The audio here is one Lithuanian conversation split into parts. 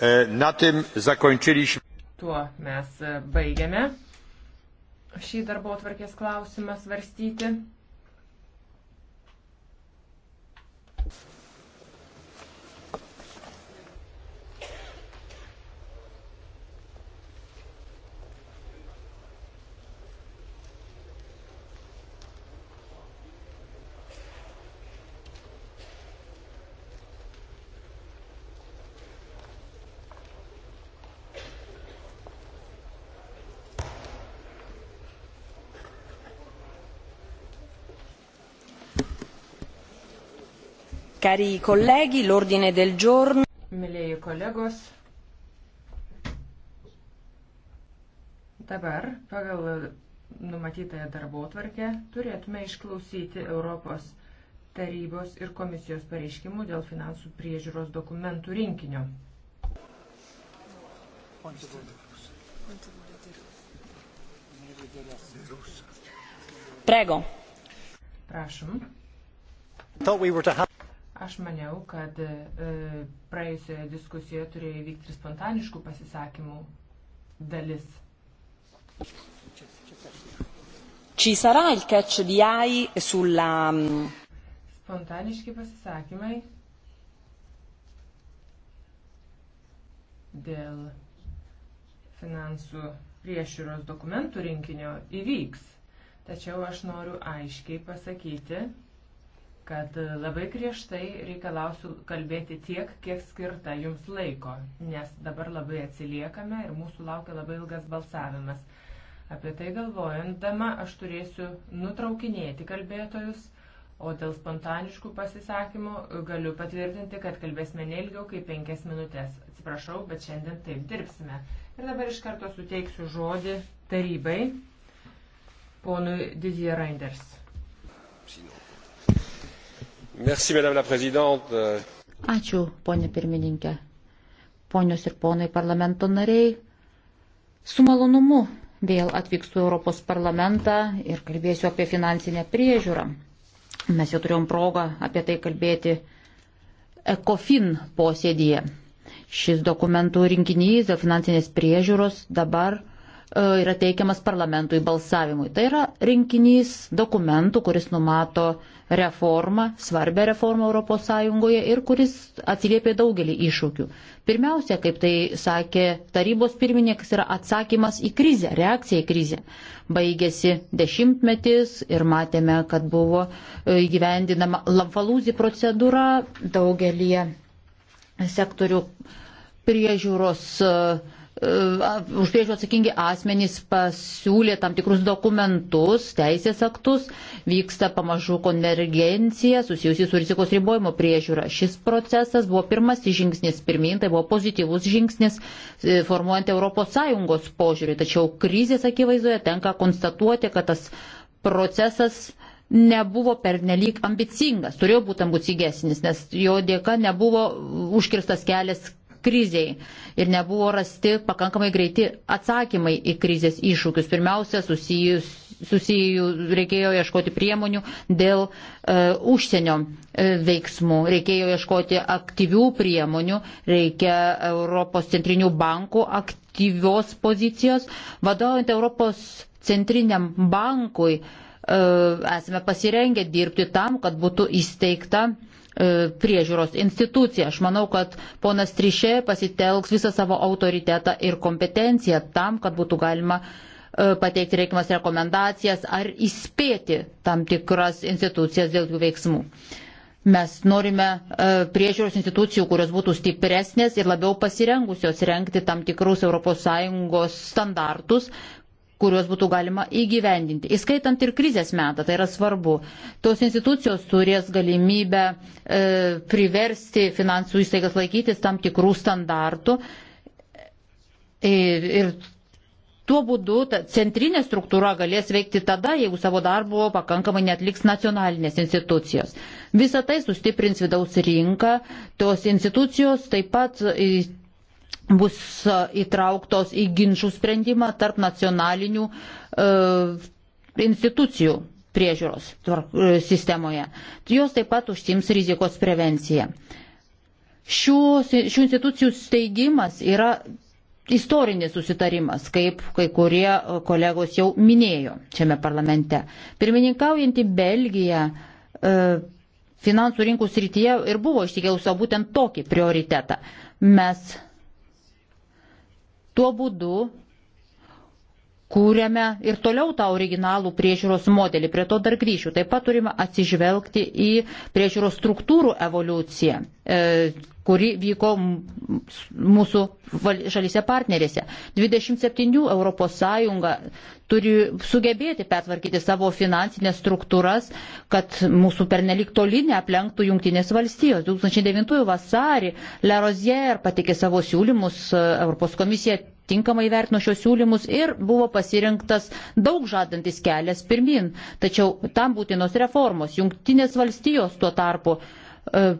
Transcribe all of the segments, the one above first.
E, na tym zakończyliśmy. Tuo mes e, baigiame šį darbo atvarkės klausimą svarstyti. Cari colleghi, l'ordine del giorno. Mėlėjai kolegos, dabar pagal numatytąją darbo tvarkę turėtume išklausyti Europos tarybos ir komisijos pareiškimų dėl finansų priežiūros dokumentų rinkinio. Prego. Prašom. Aš maniau, kad e, praėjusioje diskusijoje turėjo įvykti ir spontaniškų pasisakymų dalis. Ci sarà il catch di AI sulla... Mm, Spontaniški pasisakymai dėl finansų priešiūros dokumentų rinkinio įvyks. Tačiau aš noriu aiškiai pasakyti, kad labai griežtai reikalausiu kalbėti tiek, kiek skirta jums laiko, nes dabar labai atsiliekame ir mūsų laukia labai ilgas balsavimas. Apie tai galvojant, dama, aš turėsiu nutraukinėti kalbėtojus, o dėl spontaniškų pasisakymų galiu patvirtinti, kad kalbėsime neilgiau kaip penkias minutės. Atsiprašau, bet šiandien taip dirbsime. Ir dabar iš karto suteiksiu žodį tarybai ponui Didier Reinders. Sinon. Merci, Ačiū, ponė pirmininkė. Ponios ir ponai parlamento nariai, su malonumu vėl atvykstu į Europos parlamentą ir kalbėsiu apie finansinę priežiūrą. Mes jau turėjom progą apie tai kalbėti ECOFIN posėdėje. Šis dokumentų rinkinys dėl finansinės priežiūros dabar e, yra teikiamas parlamentui balsavimui. Tai yra rinkinys dokumentų, kuris numato uh, reformą, svarbę reformą ES ir kuris atsiliepė daugelį iššūkių. Pirmiausia, kaip tai sakė tarybos pirmininkas, yra atsakymas į krizę, reakcija į krizę. Baigėsi dešimtmetis ir matėme, kad buvo e, įgyvendinama lamfalūzi procedūra daugelį sektorių priežiūros uh, E, už priežiūrą tai, atsakingi asmenys pasiūlė tam tikrus dokumentus, teisės aktus, vyksta pamažu konvergencija susijusi su rizikos ribojimo priežiūra. Šis procesas buvo pirmasis žingsnis pirmin, tai buvo pozityvus žingsnis e, formuojant ES požiūrį, tačiau krizės akivaizdoje tenka konstatuoti, kad tas procesas nebuvo pernelyg ambicingas, turėjo būti ambicingesnis, nes jo dėka nebuvo užkirstas kelias kriziai ir nebuvo rasti pakankamai greiti atsakymai į krizės iššūkius. Pirmiausia, susijus, susijų reikėjo ieškoti priemonių dėl e, užsienio e, veiksmų, reikėjo ieškoti aktyvių priemonių, reikia Europos centrinių bankų aktyvios pozicijos, vadovaujant Europos centriniam bankui e, esame pasirengę dirbti tam, kad būtų įsteigta E, priežiūros institucija. Aš manau, kad ponas Trišė pasitelks visą savo autoritetą ir kompetenciją tam, kad būtų galima e, pateikti reikimas rekomendacijas ar įspėti tam tikras institucijas dėl jų veiksmų. Mes norime e, priežiūros institucijų, kurios būtų stipresnės ir labiau pasirengusios renkti tam tikrus ES standartus, kuriuos būtų galima įgyvendinti, įskaitant ir krizės metą, tai yra svarbu. Tos institucijos turės galimybę e, priversti finansų įstaigas laikytis tam tikrų standartų ir, e, ir tuo būdu ta centrinė struktūra galės veikti tada, jeigu savo darbo pakankamai netliks nacionalinės institucijos. Visą tai sustiprins vidaus rinką, tos institucijos taip pat bus e, įtrauktos į ginčių sprendimą tarp nacionalinių e, institucijų priežiūros e, sistemoje. Jos taip pat užsims rizikos prevenciją. Šių, šių institucijų steigimas yra istorinis susitarimas, kaip kai kurie e, kolegos jau minėjo šiame parlamente. Pirmininkaujanti Belgija e, finansų rinkų srityje ir buvo išsikėlusio būtent tokį prioritetą. Mes Tuo būdu kūrėme ir toliau tą originalų priežiūros modelį, prie to dar grįšiu. Taip pat turime atsižvelgti į priežiūros struktūrų evoliuciją. E, kuri vyko mūsų šalyse partnerėse. 27 ES turi sugebėti pertvarkyti savo finansinės struktūras, kad mūsų pernelik toli neaplenktų Junktinės valstijos. 2009 vasarį Lerozier patikė savo siūlymus Europos komisija tinkamai vertino šios siūlymus ir buvo pasirinktas daug žadantis kelias pirmin. Tačiau tam būtinos reformos. Junktinės valstijos tuo tarpu e,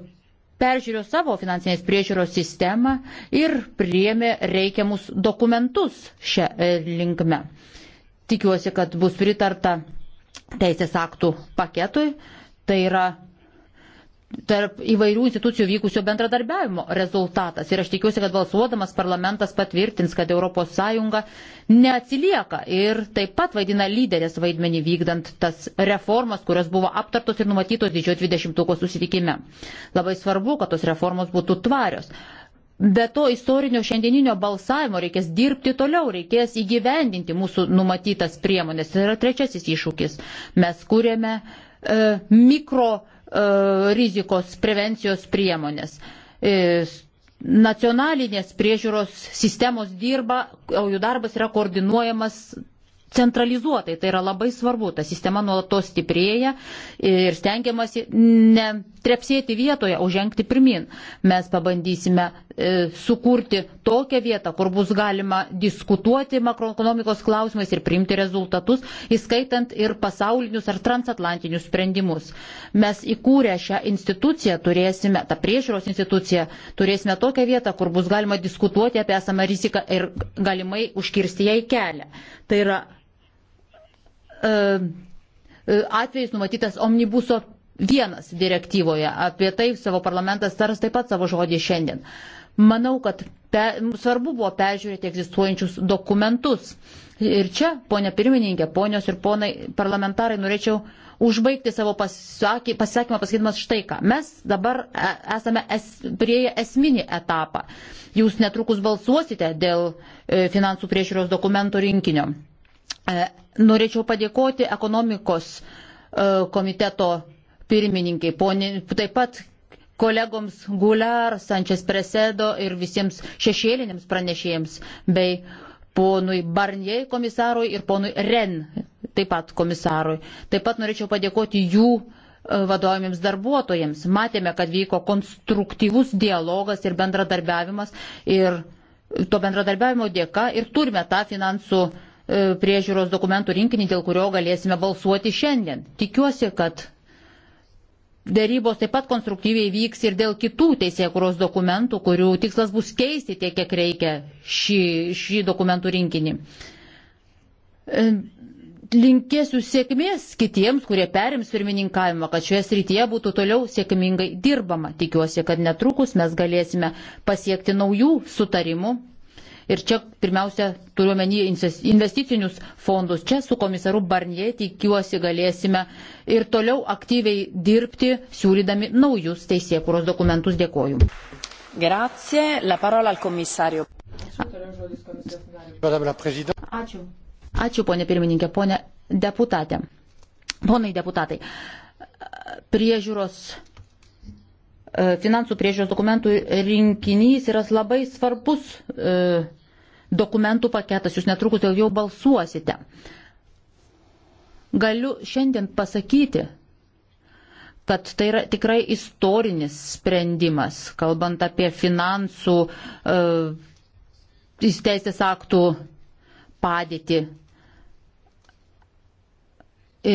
peržiūrėjo savo finansinės priežiūros sistemą ir priėmė reikiamus dokumentus šią e, linkme. Tikiuosi, kad bus pritarta teisės aktų paketui. Tai yra tarp įvairių institucijų vykusio bendradarbiavimo rezultatas. Ir aš tikiuosi, kad balsuodamas parlamentas patvirtins, kad ES neatsilieka ir taip pat vaidina lyderės vaidmenį vykdant tas reformas, kurios buvo aptartos ir numatytos didžiojo 20-ko susitikime. Labai svarbu, kad tos reformos būtų tvarios. Be to istorinio šiandieninio balsavimo reikės dirbti toliau, reikės įgyvendinti mūsų numatytas priemonės. Tai yra trečiasis iššūkis. Mes kūrėme e, mikro E, rizikos prevencijos priemonės. E, nacionalinės priežiūros sistemos dirba, o jų darbas yra koordinuojamas centralizuotai, tai yra labai svarbu, ta sistema nuolatos stiprėja ir stengiamasi ne trepsėti vietoje, o žengti pirmin. Mes pabandysime e, sukurti tokią vietą, kur bus galima diskutuoti makroekonomikos klausimais ir priimti rezultatus, įskaitant ir pasaulinius ar transatlantinius sprendimus. Mes įkūrę šią instituciją turėsime, tą priežiūros instituciją, turėsime tokią vietą, kur bus galima diskutuoti apie esamą riziką ir galimai užkirsti jai kelią. Tai yra E, e, atvejais numatytas omnibuso vienas direktyvoje. Apie tai savo parlamentas tars taip pat savo žodį šiandien. Manau, kad pe, svarbu buvo peržiūrėti egzistuojančius dokumentus. Ir čia, ponia pirmininkė, ponios ir ponai parlamentarai, norėčiau užbaigti savo pasisakymą pasakydamas štai ką. Mes dabar e, esame es, prieėję esminį etapą. Jūs netrukus balsuosite dėl finansų priežiūros dokumentų rinkinio. Norėčiau padėkoti ekonomikos e, komiteto pirmininkai, ponė, taip pat kolegoms Gular, Sančias Presedo ir visiems šešėliniams pranešėjams, bei ponui Barnier komisarui ir ponui Ren taip pat komisarui. Taip pat norėčiau padėkoti jų e, vadovaujamiems darbuotojams. Matėme, kad vyko konstruktyvus dialogas ir bendradarbiavimas ir to bendradarbiavimo dėka ir turime tą finansų E, priežiūros dokumentų rinkinį, dėl kurio galėsime balsuoti šiandien. Tikiuosi, kad dėrybos taip pat konstruktyviai vyks ir dėl kitų teisėkuros dokumentų, kurių tikslas bus keisti tiek, kiek reikia šį, šį dokumentų rinkinį. E, linkėsiu sėkmės kitiems, kurie perims pirmininkavimą, kad šioje srityje būtų toliau sėkmingai dirbama. Tikiuosi, kad netrukus mes galėsime pasiekti naujų sutarimų Ir čia pirmiausia turiuomenį investicinius fondus. Čia su komisaru Barnie tikiuosi galėsime ir toliau aktyviai dirbti, siūlydami naujus teisėkūros dokumentus. Dėkoju. Grazie. La parola al komisario. Ačiū. Ačiū, ponė pirmininkė, ponė deputatė. Ponai deputatai, priežiūros e, finansų priežiūros dokumentų rinkinys yra labai svarbus e, dokumentų paketas, jūs netrukus dėl jo balsuosite. Galiu šiandien pasakyti, kad tai yra tikrai istorinis sprendimas, kalbant apie finansų uh, teisės aktų padėtį. E,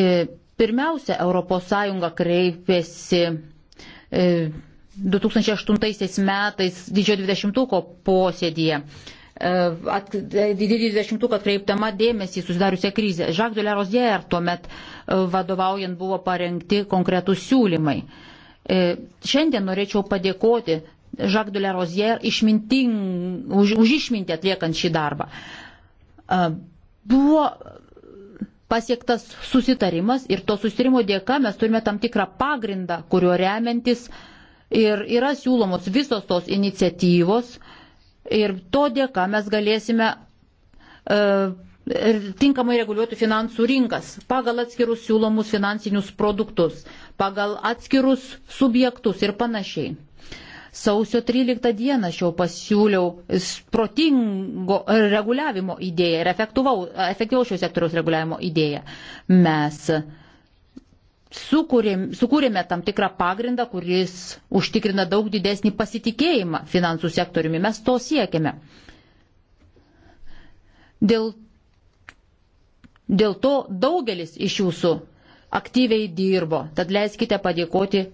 pirmiausia, ES kreipėsi. E, uh, 2008 metais didžiojo 20-ko posėdėje. Uh, E, didįjį dvidešimtuką kreiptama dėmesį susidariusią krizę. Žak de la Rosier tuomet e, vadovaujant buvo parengti konkretūs siūlymai. E, šiandien norėčiau padėkoti Žak de la Rosier už, už išmintį atliekant šį darbą. Buvo pasiektas susitarimas ir to susitarimo dėka mes turime tam tikrą pagrindą, kuriuo remiantis ir yra siūlomos visos tos iniciatyvos, uh, ir to dėka mes galėsime uh, tinkamai reguliuoti finansų rinkas pagal atskirus siūlomus finansinius produktus, pagal atskirus subjektus ir panašiai. Sausio 13 dieną aš jau pasiūliau protingo reguliavimo idėją ir efektyvaus šio sektoriaus reguliavimo idėją. Mes uh, sukūrėm, sukūrėme tam tikrą pagrindą, kuris užtikrina daug didesnį pasitikėjimą finansų sektoriumi. Mes to siekiame. Dėl, dėl to daugelis iš jūsų aktyviai dirbo. Tad leiskite padėkoti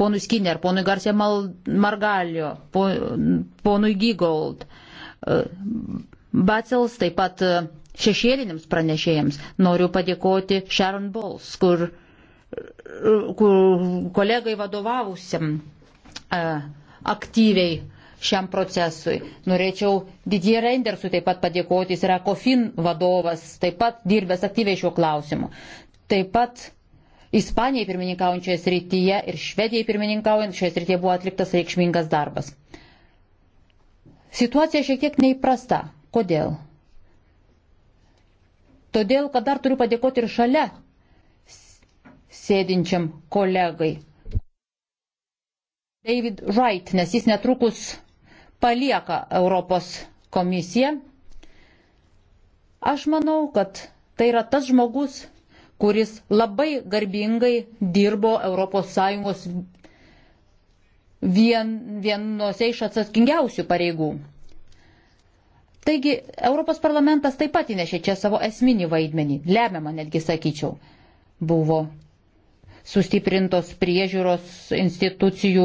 ponui Skinner, ponui Garcia Margalio, ponui Gigold, Bacels, taip pat šešėliniams pranešėjams. Noriu padėkoti Sharon Bowles, kur kolegai vadovavusiam e, aktyviai šiam procesui. Norėčiau Didier Reindersui taip pat padėkoti, jis yra COFIN vadovas, taip pat dirbęs aktyviai šiuo klausimu. Taip pat Ispanijai pirmininkaujančioje srityje ir Švedijai pirmininkaujančioje srityje buvo atliktas reikšmingas darbas. Situacija šiek tiek neįprasta. Kodėl? Todėl, kad dar turiu padėkoti ir šalia sėdinčiam kolegai. David Wright, nes jis netrukus palieka Europos komisiją. Aš manau, kad tai yra tas žmogus, kuris labai garbingai dirbo ES vien, vienose iš atsakingiausių pareigų. Taigi Europos parlamentas taip pat įnešė čia savo esminį vaidmenį, lemiamą netgi sakyčiau. Buvo sustiprintos priežiūros institucijų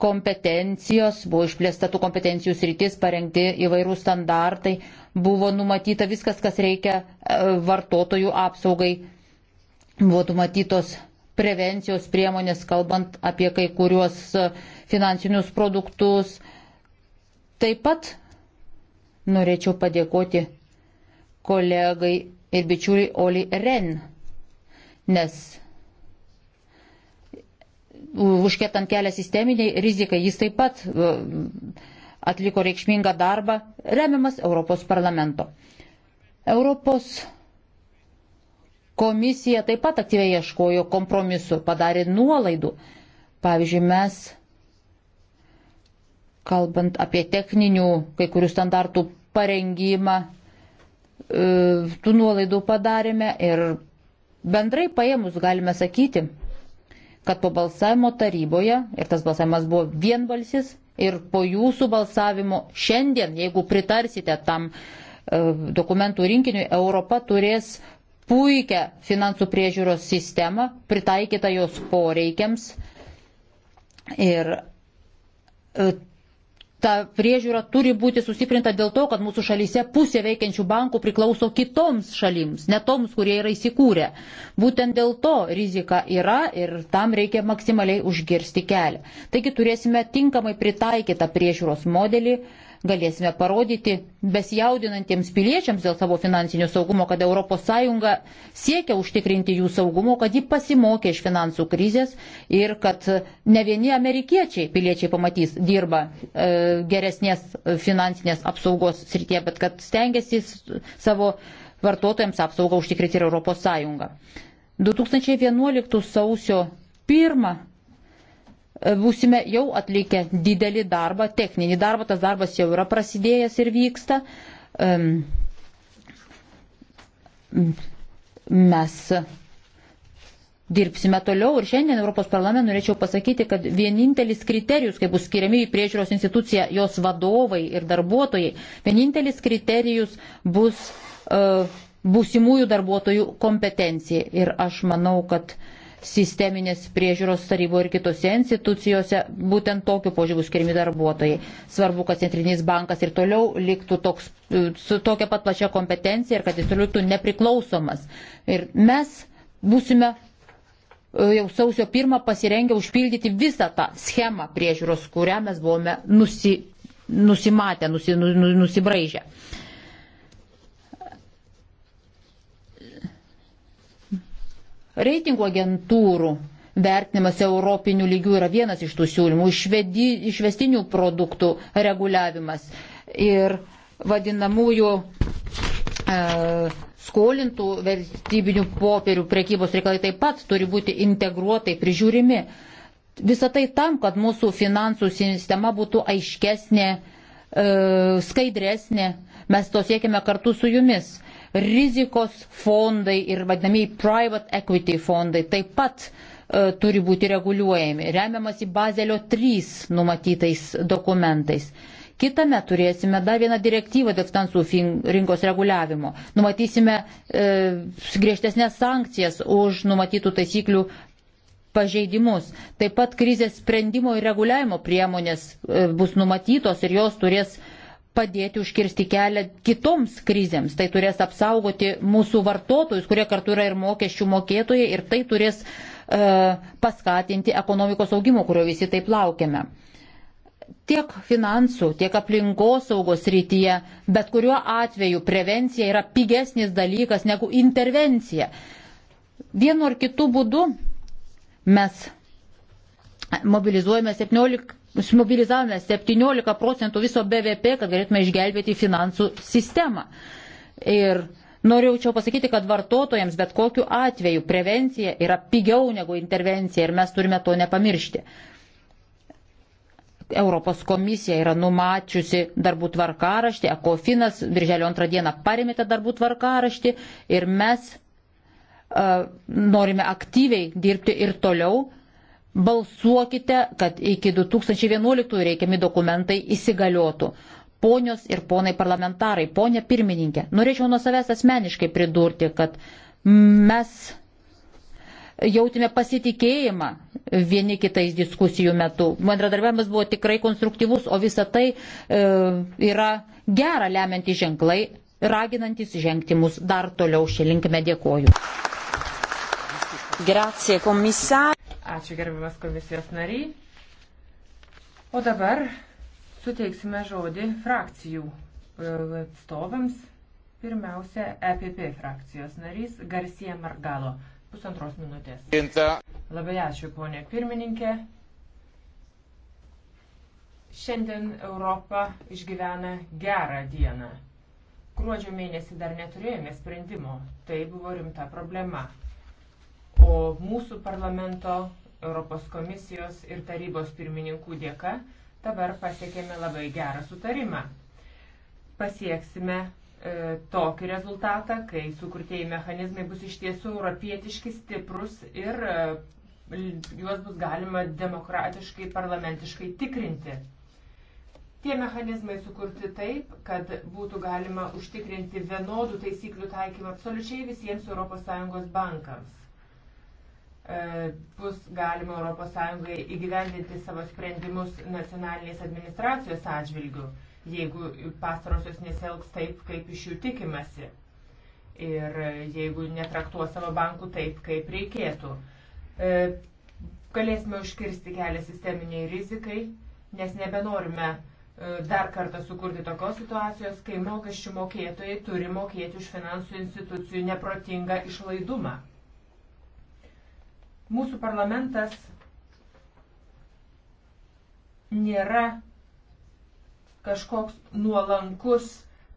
kompetencijos, buvo išplėsta tų kompetencijų sritis, parengti įvairių standartai, buvo numatyta viskas, kas reikia e, vartotojų apsaugai, buvo numatytos prevencijos priemonės, kalbant apie kai kuriuos e, finansinius produktus. Taip pat norėčiau padėkoti kolegai ir bičiuliai Oli Ren, nes užkėtant kelią sisteminiai rizikai, jis taip pat e, atliko reikšmingą darbą, remiamas Europos parlamento. Europos komisija taip pat aktyviai ieškojo kompromisu, padarė nuolaidų. Pavyzdžiui, mes, kalbant apie techninių kai kurių standartų parengimą, e, tų nuolaidų padarėme ir bendrai paėmus galime sakyti, kad po balsavimo taryboje, ir tas balsavimas buvo vienbalsis, ir po jūsų balsavimo šiandien, jeigu pritarsite tam e, dokumentų rinkiniui, Europa turės puikią finansų priežiūros sistemą, pritaikytą jos poreikiams. Ir e, ta priežiūra turi būti sustiprinta dėl to, kad mūsų šalyse pusė veikiančių bankų priklauso kitoms šalims, ne toms, kurie yra įsikūrę. Būtent dėl to rizika yra ir tam reikia maksimaliai užgirsti kelią. Taigi turėsime tinkamai pritaikytą priežiūros modelį galėsime parodyti besijaudinantiems piliečiams dėl savo finansinio saugumo, kad ES siekia užtikrinti jų saugumo, kad ji pasimokė iš finansų krizės ir kad ne vieni amerikiečiai piliečiai pamatys dirba e, geresnės finansinės apsaugos srityje, bet kad stengiasi savo vartotojams apsaugą užtikrinti ir ES. 2011 sausio 1 E, būsime jau atlikę didelį darbą, techninį darbą, tas darbas jau yra prasidėjęs ir vyksta. Mes dirbsime toliau ir šiandien Europos parlamente norėčiau pasakyti, kad vienintelis kriterijus, kai bus skiriami į priežiūros instituciją jos vadovai ir darbuotojai, vienintelis kriterijus bus uh, būsimųjų darbuotojų kompetencija. Ir aš manau, kad uh, sisteminės priežiūros taryboje ir kitose institucijose būtent tokiu požiūriu skirmi darbuotojai. Svarbu, kad Centrinis bankas ir toliau liktų toks, e, su tokia pat plačia kompetencija ir kad jis toliau būtų nepriklausomas. Ir mes būsime e, jau sausio pirmą pasirengę užpildyti visą tą schemą priežiūros, kurią mes buvome nusi, nusimatę, nusi, nu, nu, nusibraižę. Nusi Reitingų agentūrų vertinimas europinių lygių yra vienas iš tų siūlymų, išvedi, išvestinių produktų reguliavimas ir vadinamųjų e, skolintų vertybinių popierių priekybos reikalai taip pat turi būti integruotai prižiūrimi. Visą tai tam, kad mūsų finansų sistema būtų aiškesnė, e, skaidresnė Mes to siekime kartu su jumis. Rizikos fondai ir vadinamiai private equity fondai taip pat e, turi būti reguliuojami, remiamas į Bazelio 3 numatytais dokumentais. Kitame turėsime dar vieną direktyvą dėl finansų rinkos reguliavimo. Numatysime e, griežtesnės sankcijas už numatytų taisyklių pažeidimus. Taip pat krizės sprendimo ir reguliavimo priemonės e, bus numatytos ir jos turės padėti užkirsti kelią kitoms krizėms. Tai turės apsaugoti mūsų vartotojus, kurie kartu yra ir mokesčių mokėtojai, ir tai turės e, paskatinti ekonomikos augimo, kurio visi taip laukiame. Tiek finansų, tiek aplinkosaugos rytyje, bet kuriuo atveju prevencija yra pigesnis dalykas negu intervencija. Vienu ar kitu būdu mes mobilizuojame 17 mobilizavome 17 procentų viso BVP, kad galėtume išgelbėti finansų sistemą. Ir norėjau pasakyti, kad vartotojams bet kokiu atveju prevencija yra pigiau negu intervencija ir mes turime to nepamiršti. Europos komisija yra numačiusi darbų tvarkaraštį, Ekofinas birželio antrą dieną parėmė tą darbų tvarkaraštį ir mes uh, norime aktyviai dirbti ir toliau Balsuokite, kad iki 2011 reikiami dokumentai įsigaliotų. Ponios ir ponai parlamentarai, ponė pirmininkė, norėčiau nuo savęs asmeniškai pridurti, kad mes jautėme pasitikėjimą vieni kitais diskusijų metu. Bendradarbiavimas buvo tikrai konstruktyvus, o visa tai e, yra gera lemianti ženklai, raginantis žengti mus dar toliau. Šią linkime dėkoju. Grazie, komisar. Ačiū gerbiamas komisijos nariai. O dabar suteiksime žodį frakcijų atstovams. Pirmiausia, EPP frakcijos narys Garcija Margalo. Pusantros minutės. Inta. Labai ačiū, ponė pirmininkė. Šiandien Europa išgyvena gerą dieną. Gruodžio mėnesį dar neturėjome sprendimo. Tai buvo rimta problema. O mūsų parlamento Europos komisijos ir tarybos pirmininkų dėka dabar pasiekėme labai gerą sutarimą. Pasieksime e, tokį rezultatą, kai sukurtieji mechanizmai bus iš tiesų europietiški, stiprus ir e, juos bus galima demokratiškai, parlamentiškai tikrinti. Tie mechanizmai sukurti taip, kad būtų galima užtikrinti vienodų taisyklių taikymą absoliučiai visiems ES bankams. E, bus galima ES įgyvendinti savo sprendimus nacionalinės administracijos atžvilgių, jeigu pastarosios nesielgs taip, kaip iš jų tikimasi ir jeigu netraktuos savo bankų taip, kaip reikėtų. E, galėsime užkirsti kelią sisteminiai rizikai, nes nebenorime e, dar kartą sukurti tokios situacijos, kai mokesčių mokėtojai turi mokėti už finansų institucijų neprotingą išlaidumą. Mūsų parlamentas nėra kažkoks nuolankus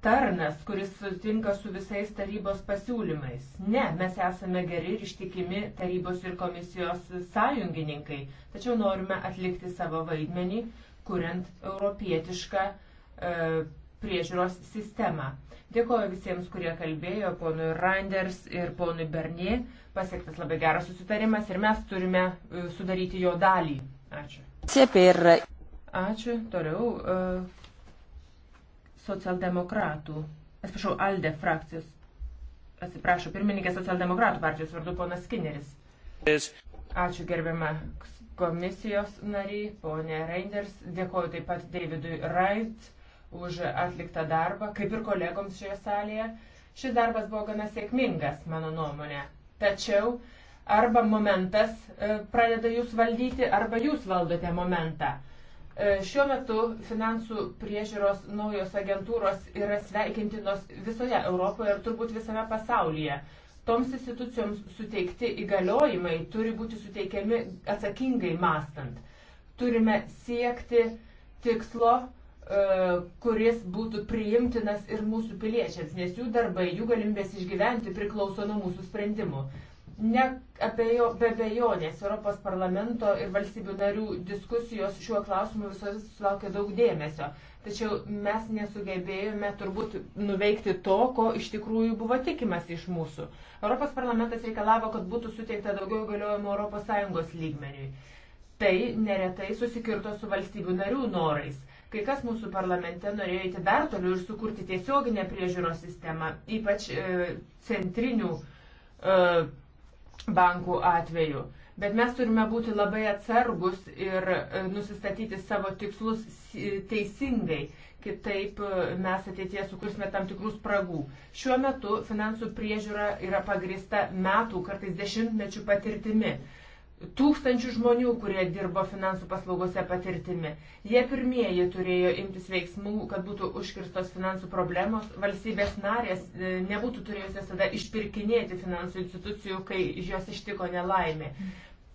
tarnas, kuris sutinka su visais tarybos pasiūlymais. Ne, mes esame geri ir ištikimi tarybos ir komisijos sąjungininkai, tačiau norime atlikti savo vaidmenį, kuriant europietišką e, priežiūros sistemą. Dėkoju visiems, kurie kalbėjo, ponui Randers ir ponui Bernie. Pasiektas labai geras susitarimas ir mes turime e, sudaryti jo dalį. Ačiū. Ačiū. Toliau e, socialdemokratų, atsiprašau, Alde frakcijos, atsiprašau, pirmininkė socialdemokratų partijos vardu ponas Skinneris. Ačiū gerbiama komisijos nariai, ponė Reinders. Dėkoju taip pat Davidui Wright už atliktą darbą, kaip ir kolegoms šioje salėje. Šis darbas buvo gana sėkmingas, mano nuomonė. Tačiau arba momentas e, pradeda jūs valdyti, arba jūs valdote momentą. E, šiuo metu finansų priežiūros naujos agentūros yra sveikintinos visoje Europoje ir turbūt visame pasaulyje. Toms institucijoms suteikti įgaliojimai turi būti suteikiami atsakingai mastant. Turime siekti tikslo E, kuris būtų priimtinas ir mūsų piliečiams, nes jų darbai, jų galimybės išgyventi priklauso nuo mūsų sprendimų. Ne apie jo, be bejonės Europos parlamento ir valstybių narių diskusijos šiuo klausimu visos sulaukė daug dėmesio, tačiau mes nesugebėjome turbūt nuveikti to, ko iš tikrųjų buvo tikimas iš mūsų. Europos parlamentas reikalavo, kad būtų suteikta daugiau galiojimo ES lygmeniui. Tai neretai susikirto su valstybių narių norais Kai kas mūsų parlamente norėjo eiti dar toliau ir sukurti tiesioginę priežiūros sistemą, ypač e, centrinių e, bankų atveju. Bet mes turime būti labai atsargus ir e, nusistatyti savo tikslus teisingai, kitaip e, mes ateitie sukursime tam tikrus spragų. Šiuo metu finansų priežiūra yra pagrista metų, kartais dešimtmečių patirtimi tūkstančių žmonių, kurie dirbo finansų paslaugose patirtimi. Jie pirmieji turėjo imtis veiksmų, kad būtų užkirstos finansų problemos. Valstybės narės e, nebūtų turėjusios tada išpirkinėti finansų institucijų, kai jos ištiko nelaimė.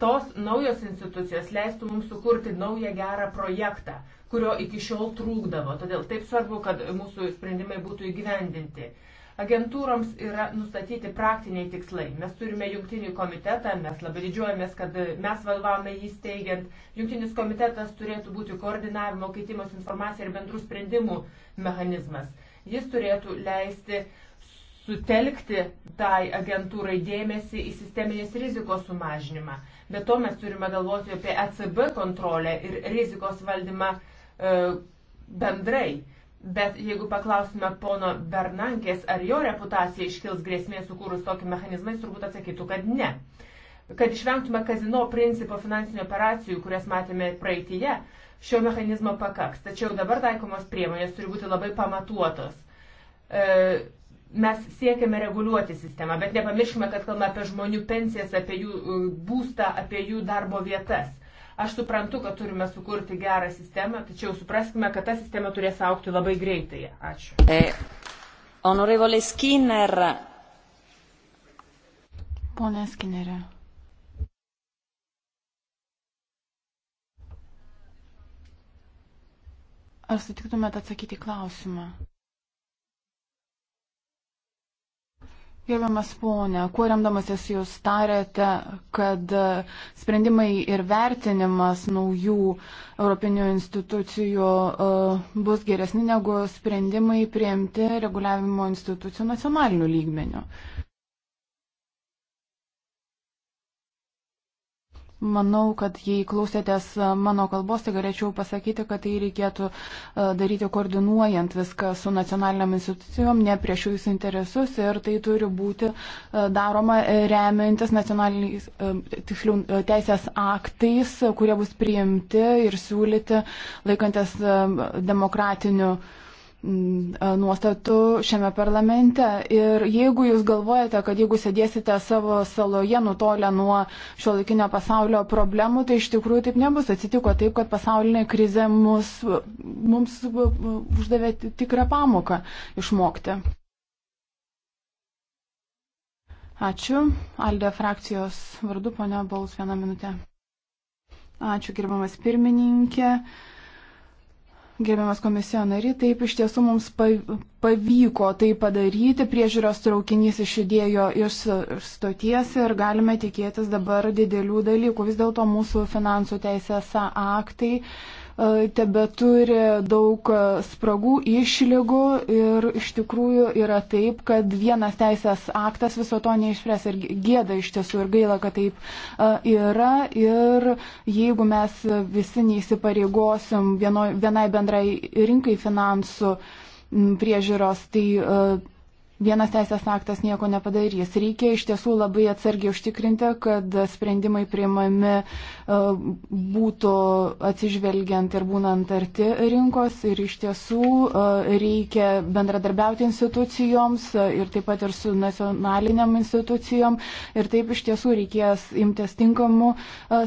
Tos naujos institucijos leistų mums sukurti naują gerą projektą, kurio iki šiol trūkdavo. Todėl taip svarbu, kad mūsų sprendimai būtų įgyvendinti. Agentūroms yra nustatyti praktiniai tikslai. Mes turime jungtinį komitetą, mes labai didžiuojamės, kad mes valvame jį steigiant. Jungtinis komitetas turėtų būti koordinavimo, keitimos informacija ir bendrų sprendimų mechanizmas. Jis turėtų leisti sutelkti tai agentūrai dėmesį į sisteminės rizikos sumažinimą. Be to mes turime galvoti apie ECB kontrolę ir rizikos valdymą e, bendrai Bet jeigu paklausime pono Bernankės, ar jo reputacija iškils grėsmė sukūrus tokį mechanizmą, jis turbūt atsakytų, kad ne. Kad išvengtume kazino principo finansinių operacijų, kurias matėme praeitie, šio mechanizmo pakaks. Tačiau dabar taikomos priemonės turi būti labai pamatuotos. E, mes siekiame reguliuoti sistemą, bet nepamirškime, kad kalbame apie žmonių pensijas, apie jų e, būstą, apie jų darbo vietas Aš suprantu, kad turime sukurti gerą sistemą, tačiau supraskime, kad ta sistema turės aukti labai greitai. Ačiū. E, honorevole Skinner. Pone Skinnerė. Ar sutiktumėte atsakyti klausimą? Gerbiamas ponė, kuo remdamasis jūs tarėte, kad e, sprendimai ir vertinimas naujų europinių institucijų e, bus geresni negu sprendimai priimti reguliavimo institucijų nacionalinių lygmenių? Manau, kad jei klausėtės e, mano kalbos, tai galėčiau pasakyti, kad tai reikėtų e, daryti koordinuojant viską su nacionaliniam institucijom, ne prieš jų interesus ir tai turi būti e, daroma remiantis nacionaliniais, tiksliau, teisės aktais, kurie bus priimti ir siūlyti laikantis demokratinių Mm, e, nuostatų šiame parlamente. Ir jeigu jūs galvojate, kad jeigu sėdėsite savo saloje nutolę nuo šio laikinio pasaulio problemų, tai iš tikrųjų taip nebus. Atsitiko taip, kad pasaulinė krize mus, mums e, uždavė tikrą pamoką išmokti. Ačiū. Alde frakcijos vardu, ponia Balus, vieną minutę. Ačiū, gerbamas pirmininkė. Uh, Gerbiamas komisijo nari, taip iš tiesų mums pavyko tai padaryti, priežiūros traukinys išjudėjo iš stoties ir galime tikėtis dabar didelių dalykų. Vis dėlto mūsų finansų teisės aktai E, tebe turi daug spragų, išlygų ir iš tikrųjų yra taip, kad vienas teisės aktas viso to neišpres ir gėda iš tiesų ir gaila, kad taip e, yra ir jeigu mes visi neįsipareigosim vieno, vienai bendrai rinkai finansų priežiūros, tai e, vienas teisės aktas nieko nepadarys. Reikia iš tiesų labai atsargiai užtikrinti, kad sprendimai priimami e, būtų atsižvelgiant ir būnant arti rinkos ir iš tiesų e, reikia bendradarbiauti institucijoms e, ir taip pat ir su nacionaliniam institucijom ir taip iš tiesų reikės imtis tinkamų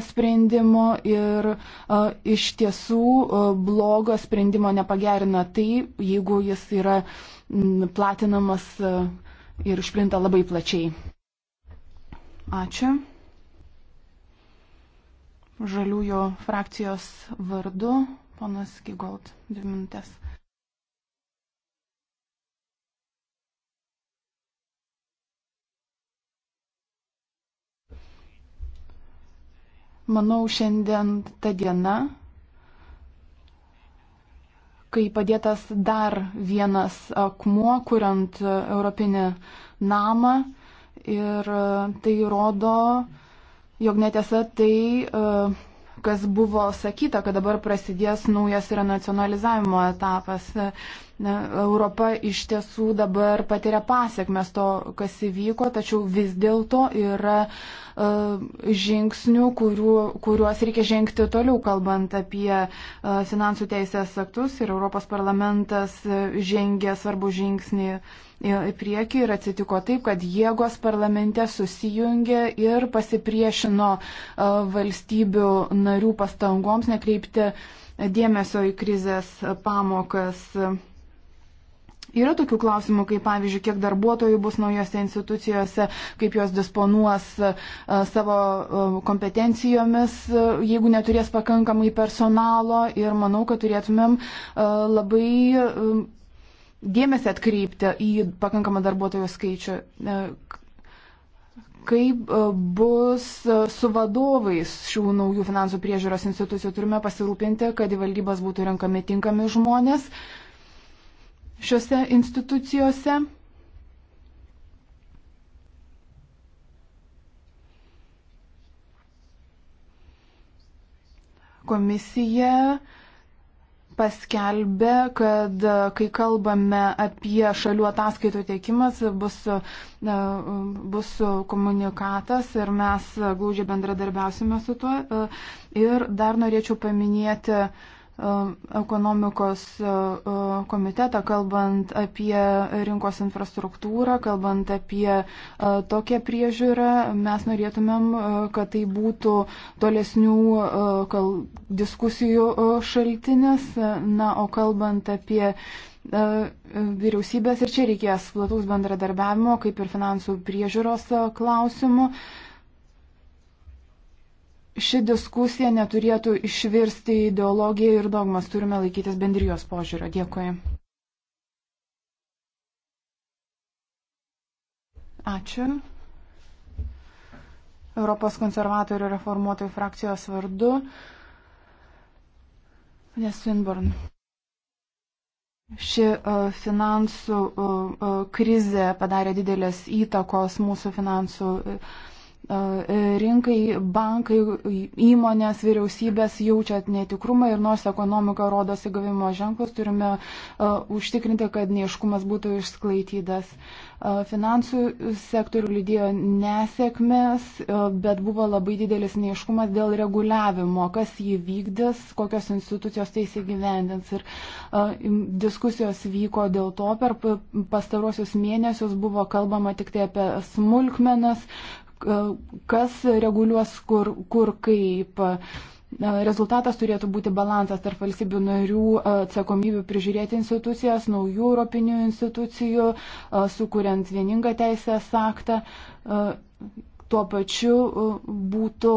sprendimų ir iš tiesų blogo sprendimo nepagerina tai, jeigu jis yra platinamas ir išplinta labai plačiai. Ačiū. Žaliųjų frakcijos vardu, ponas Gigold, dvi minutės. Manau, šiandien ta diena, kai padėtas dar vienas akmuo, kuriant europinį namą. Ir e, tai rodo, jog netiesa tai, e, kas buvo sakyta, kad dabar prasidės naujas yra nacionalizavimo etapas. E, Europa iš tiesų dabar patiria pasiekmes to, kas įvyko, tačiau vis dėlto yra uh, E, žingsnių, kurių, kuriuos reikia žengti toliau, kalbant apie e, finansų teisės aktus ir Europos parlamentas žengė svarbų žingsnį į priekį ir atsitiko taip, kad jėgos parlamente susijungė ir pasipriešino e, valstybių narių pastangoms nekreipti dėmesio į krizės pamokas Yra tokių klausimų, kaip pavyzdžiui, kiek darbuotojų bus naujose institucijose, kaip jos disponuos e, savo e, kompetencijomis, e, jeigu neturės pakankamai personalo. Ir manau, kad turėtumėm labai dėmesį atkreipti į pakankamą darbuotojų skaičių kaip bus su vadovais šių naujų finansų priežiūros institucijų. Turime pasirūpinti, kad į valdybas būtų renkami tinkami žmonės, šiuose institucijose. Komisija paskelbė, kad kai kalbame apie šalių ataskaitų teikimas, bus, bus komunikatas ir mes glaudžiai bendradarbiausime su tuo. Ir dar norėčiau paminėti uh, Um, ekonomikos uh, uh, komitetą, kalbant apie rinkos infrastruktūrą, kalbant apie uh, tokią priežiūrą, mes norėtumėm, kad tai būtų tolesnių diskusijų šaltinis. Na, o kalbant apie vyriausybės ir čia reikės plataus bendradarbiavimo, kaip ir finansų priežiūros klausimų ši diskusija neturėtų išvirsti į ideologiją ir dogmas. Turime laikytis bendrijos požiūrio. Dėkui. Ačiū. Europos konservatorių reformuotojų frakcijos vardu. Nesvinborn. Ši e, finansų e, e, krizė padarė didelės įtakos mūsų finansų E, rinkai, bankai, įmonės, vyriausybės jaučia netikrumą ir nors ekonomika rodo sigavimo ženklus, turime e, užtikrinti, kad neiškumas būtų išsklaidytas. E, finansų sektorių lydėjo nesėkmės, bet buvo labai didelis neiškumas dėl reguliavimo, kas jį vykdys, kokios institucijos teisė gyvendins. Ir diskusijos vyko dėl to, per pastarosius mėnesius buvo kalbama tik tai apie smulkmenas, kas reguliuos kur, kur kaip. Rezultatas turėtų būti balansas tarp valstybių narių atsakomybių prižiūrėti institucijas, naujų europinių institucijų, sukuriant vieningą teisės aktą. Tuo pačiu būtų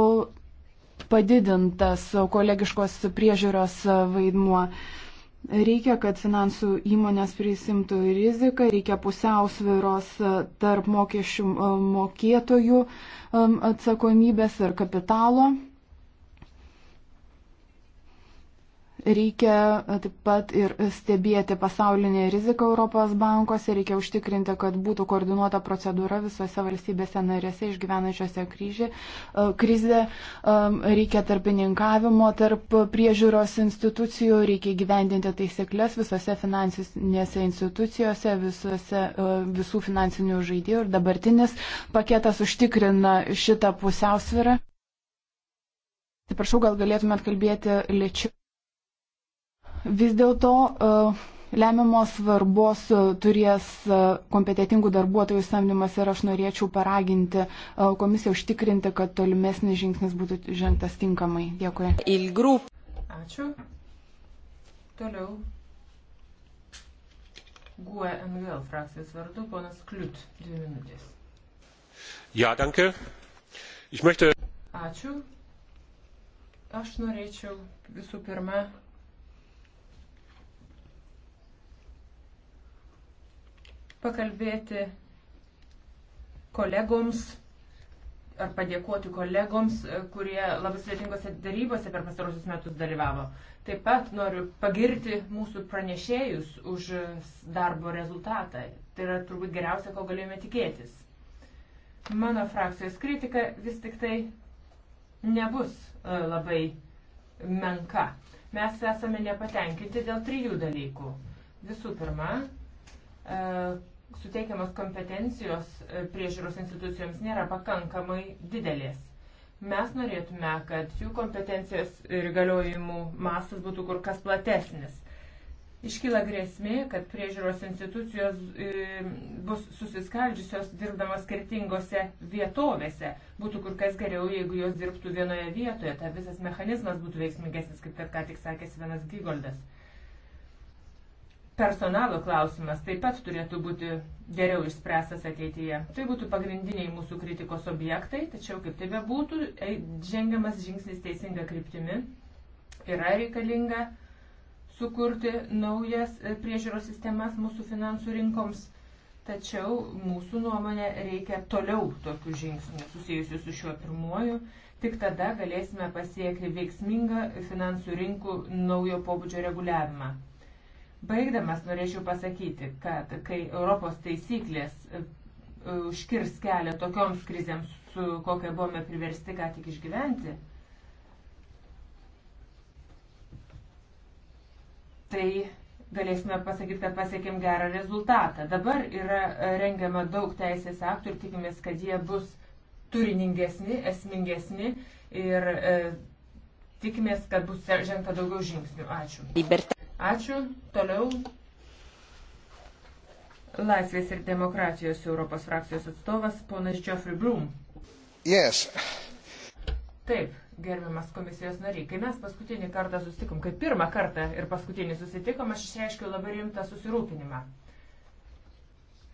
padidintas kolegiškos priežiūros vaidmuo. Reikia, kad finansų įmonės prisimtų riziką, reikia pusiausviros e, tarp mokesčių e, mokėtojų atsakomybės ir kapitalo Reikia e, taip pat ir stebėti pasaulinę riziką Europos bankuose, reikia užtikrinti, kad būtų koordinuota procedūra visose valstybėse narėse išgyvenančiose kryžį, e, krizę, e, reikia tarpininkavimo tarp priežiūros institucijų, reikia gyvendinti taisyklės visose finansinėse institucijose, visose, visų finansinių žaidėjų ir dabartinis paketas užtikrina šitą pusiausvyrą. Atsiprašau, gal galėtumėt kalbėti lėčiau. Vis dėlto e, lemiamos svarbos e, turės e, kompetitingų darbuotojų samdymas ir aš norėčiau paraginti komisiją užtikrinti, kad tolimesnis žingsnis būtų žengtas tinkamai. Dėkui. Ilgrų. Ačiū. Toliau. GUE NGL frakcijos vardu, ponas Kliut, dvi minutės. Ja, danke. Ich möchte. Ačiū. Aš norėčiau visų pirma pakalbėti kolegoms ar padėkoti kolegoms, kurie labai sudėtingose darybose per pastarosius metus dalyvavo. Taip pat noriu pagirti mūsų pranešėjus už darbo rezultatą. Tai yra turbūt geriausia, ko galėjome tikėtis. Mano frakcijos kritika vis tik tai nebus e, labai menka. Mes esame nepatenkinti dėl trijų dalykų. Visų pirma, e, suteikiamas kompetencijos e, priežiūros institucijoms nėra pakankamai didelės. Mes norėtume, kad jų kompetencijos ir galiojimų masas būtų kur kas platesnis. Iškyla grėsmė, kad priežiūros institucijos e, bus susiskaldžiusios dirbdamas skirtingose vietovėse. Būtų kur kas geriau, jeigu jos dirbtų vienoje vietoje. Ta visas mechanizmas būtų veiksmingesnis, kaip kad ką tik sakėsi vienas Gygoldas personalo klausimas taip pat turėtų būti geriau išspręstas ateityje. Tai būtų pagrindiniai mūsų kritikos objektai, tačiau kaip tai bebūtų, žengiamas žingsnis teisinga kryptimi yra reikalinga sukurti naujas e, priežiūros sistemas mūsų finansų rinkoms, tačiau mūsų nuomonė reikia toliau tokių žingsnių susijusių su šiuo pirmuoju, tik tada galėsime pasiekti veiksmingą finansų rinkų naujo pobūdžio reguliavimą. Baigdamas norėčiau pasakyti, kad kai Europos taisyklės e, e, užkirs kelią tokioms krizėms, su kokia buvome priversti ką tik išgyventi, tai galėsime pasakyti, kad pasiekėm gerą rezultatą. Dabar yra e, rengiama daug teisės aktų ir tikimės, kad jie bus turiningesni, esmingesni ir e, tikimės, kad bus žengta daugiau žingsnių. Ačiū. Liberta. Ačiū. Toliau. Laisvės ir demokratijos Europos frakcijos atstovas ponas Geoffrey Bloom. Yes. Taip, gerbiamas komisijos nariai, kai mes paskutinį kartą susitikom, kai pirmą kartą ir paskutinį susitikom, aš išreiškiau labai rimtą susirūpinimą,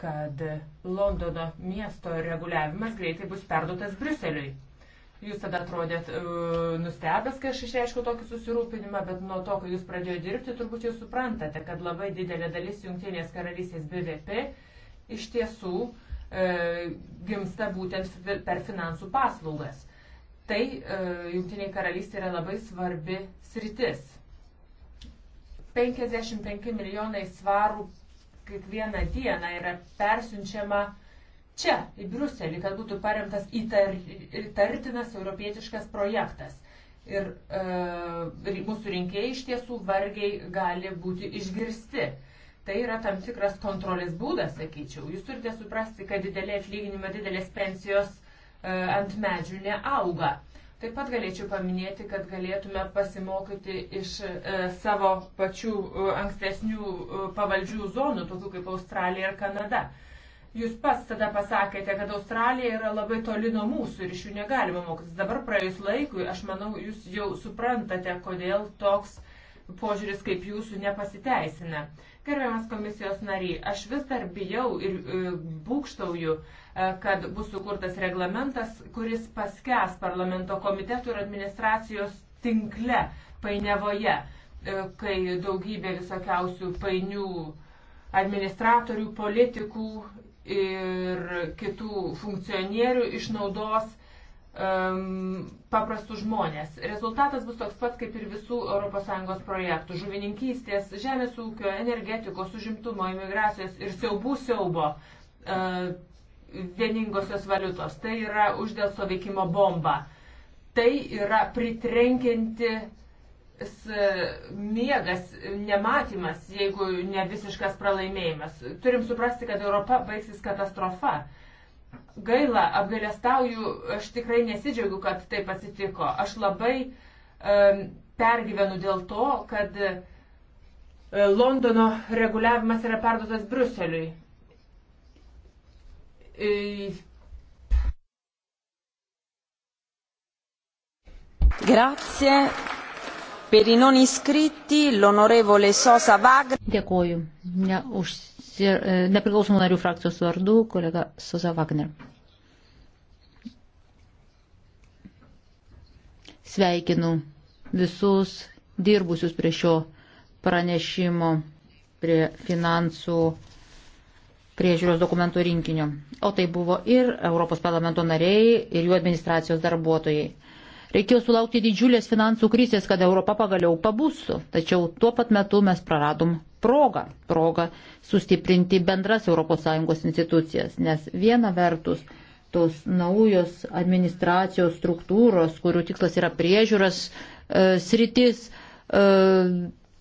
kad Londono miesto reguliavimas greitai bus perduotas Bruseliui. Jūs tada atrodėt e, nustebęs, kai aš išreiškiau tokį susirūpinimą, bet nuo to, kai jūs pradėjote dirbti, turbūt jau suprantate, kad labai didelė dalis Junktinės karalystės BVP iš tiesų e, gimsta būtent per finansų paslaugas. Tai e, Junktiniai karalystė yra labai svarbi sritis. 55 milijonai svarų kiekvieną dieną yra persiunčiama e, čia, į Bruselį, kad būtų paremtas įtar, įtartinas europietiškas projektas. Ir e, mūsų rinkėjai iš tiesų vargiai gali būti išgirsti. Tai yra tam tikras kontrolės būdas, sakyčiau. Jūs turite suprasti, kad didelė atlyginimo, didelės pensijos e, ant medžių neauga. Taip pat galėčiau paminėti, kad galėtume pasimokyti iš e, savo pačių e, ankstesnių e, pavaldžių zonų, tokių kaip Australija ir Kanada. E, Jūs pats tada pasakėte, kad Australija yra labai toli nuo mūsų ir iš jų negalima mokytis. Dabar praėjus laikui, aš manau, jūs jau suprantate, kodėl toks požiūris kaip jūsų nepasiteisina. Gerbiamas komisijos nariai, aš vis dar bijau ir e, būkštauju, e, kad bus sukurtas reglamentas, kuris paskęs parlamento komitetų ir administracijos tinkle painiavoje, e, kai daugybė visokiausių painių administratorių, politikų ir kitų funkcionierių išnaudos um, paprastus žmonės. Rezultatas bus toks pat kaip ir visų ES projektų - žuvininkystės, žemės ūkio, energetikos, užimtumo, imigracijos ir siaubų siaubo uh, vieningosios valiutos. Tai yra uždėlso veikimo bomba. Tai yra pritrenkinti miegas, nematymas, jeigu ne visiškas pralaimėjimas. Turim suprasti, kad Europa baigsis katastrofa. Gaila, apgailestauju, aš tikrai nesidžiaugiu, kad taip atsitiko. Aš labai um, pergyvenu dėl to, kad uh, Londono reguliavimas yra perduotas Bruseliui. E, Grazie. Per i non iscritti, l'onorevole Sosa Wagner. Dėkoju. Ne, už, e, nepriklausomų narių frakcijos vardu, kolega Sosa Wagner. Sveikinu visus dirbusius prie šio pranešimo, prie finansų priežiūros dokumentų rinkinio. O tai buvo ir Europos parlamento nariai, ir jų administracijos darbuotojai. Reikėjo sulaukti didžiulės finansų krizės, kad Europa pagaliau pabūstų. Tačiau tuo pat metu mes praradom progą, progą sustiprinti bendras ES institucijas. Nes viena vertus tos naujos administracijos struktūros, kurių tikslas yra priežiūros e, sritis, e,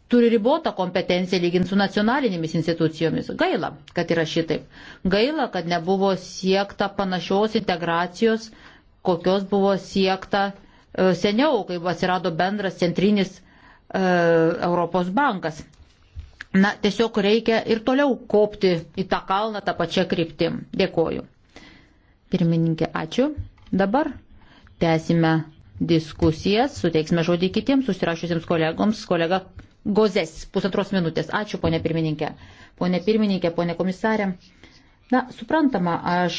turi ribotą kompetenciją lyginti su nacionalinėmis institucijomis. Gaila, kad yra šitaip. Gaila, kad nebuvo siekta panašios integracijos, kokios buvo siekta E, seniau, kai atsirado bendras centrinis e, Europos bankas. Na, tiesiog reikia ir toliau kopti į tą kalną tą pačią kryptim. Dėkoju. Pirmininkė, ačiū. Dabar tęsime diskusijas, suteiksime žodį kitiems susirašusiems kolegoms. Kolega Gozes, pusantros minutės. Ačiū, ponė pirmininkė. Pone pirmininkė, ponė komisarė. Na, suprantama, aš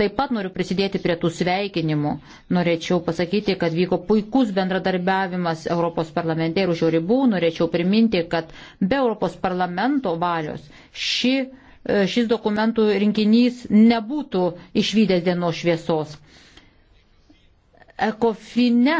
taip pat noriu prisidėti prie tų sveikinimų. Norėčiau pasakyti, kad vyko puikus bendradarbiavimas Europos parlamente ir už jo ribų. Norėčiau priminti, kad be Europos parlamento valios ši, e, šis dokumentų rinkinys nebūtų išvykęs dienos šviesos. Ekofine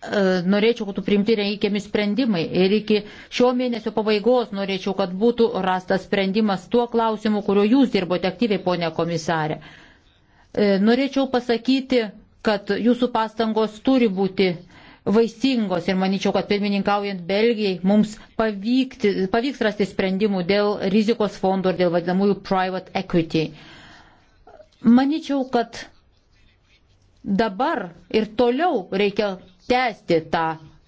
E, norėčiau, kad būtų priimti reikiami sprendimai. Ir iki šio mėnesio pabaigos norėčiau, kad būtų rastas sprendimas tuo klausimu, kuriuo jūs dirbote aktyviai, ponė komisarė. E, norėčiau pasakyti, kad jūsų pastangos turi būti vaisingos ir manyčiau, kad pirmininkaujant Belgijai mums pavykti, pavyks rasti sprendimų dėl rizikos fondų ir dėl vadinamųjų private equity. Manyčiau, kad dabar ir toliau reikia tęsti tą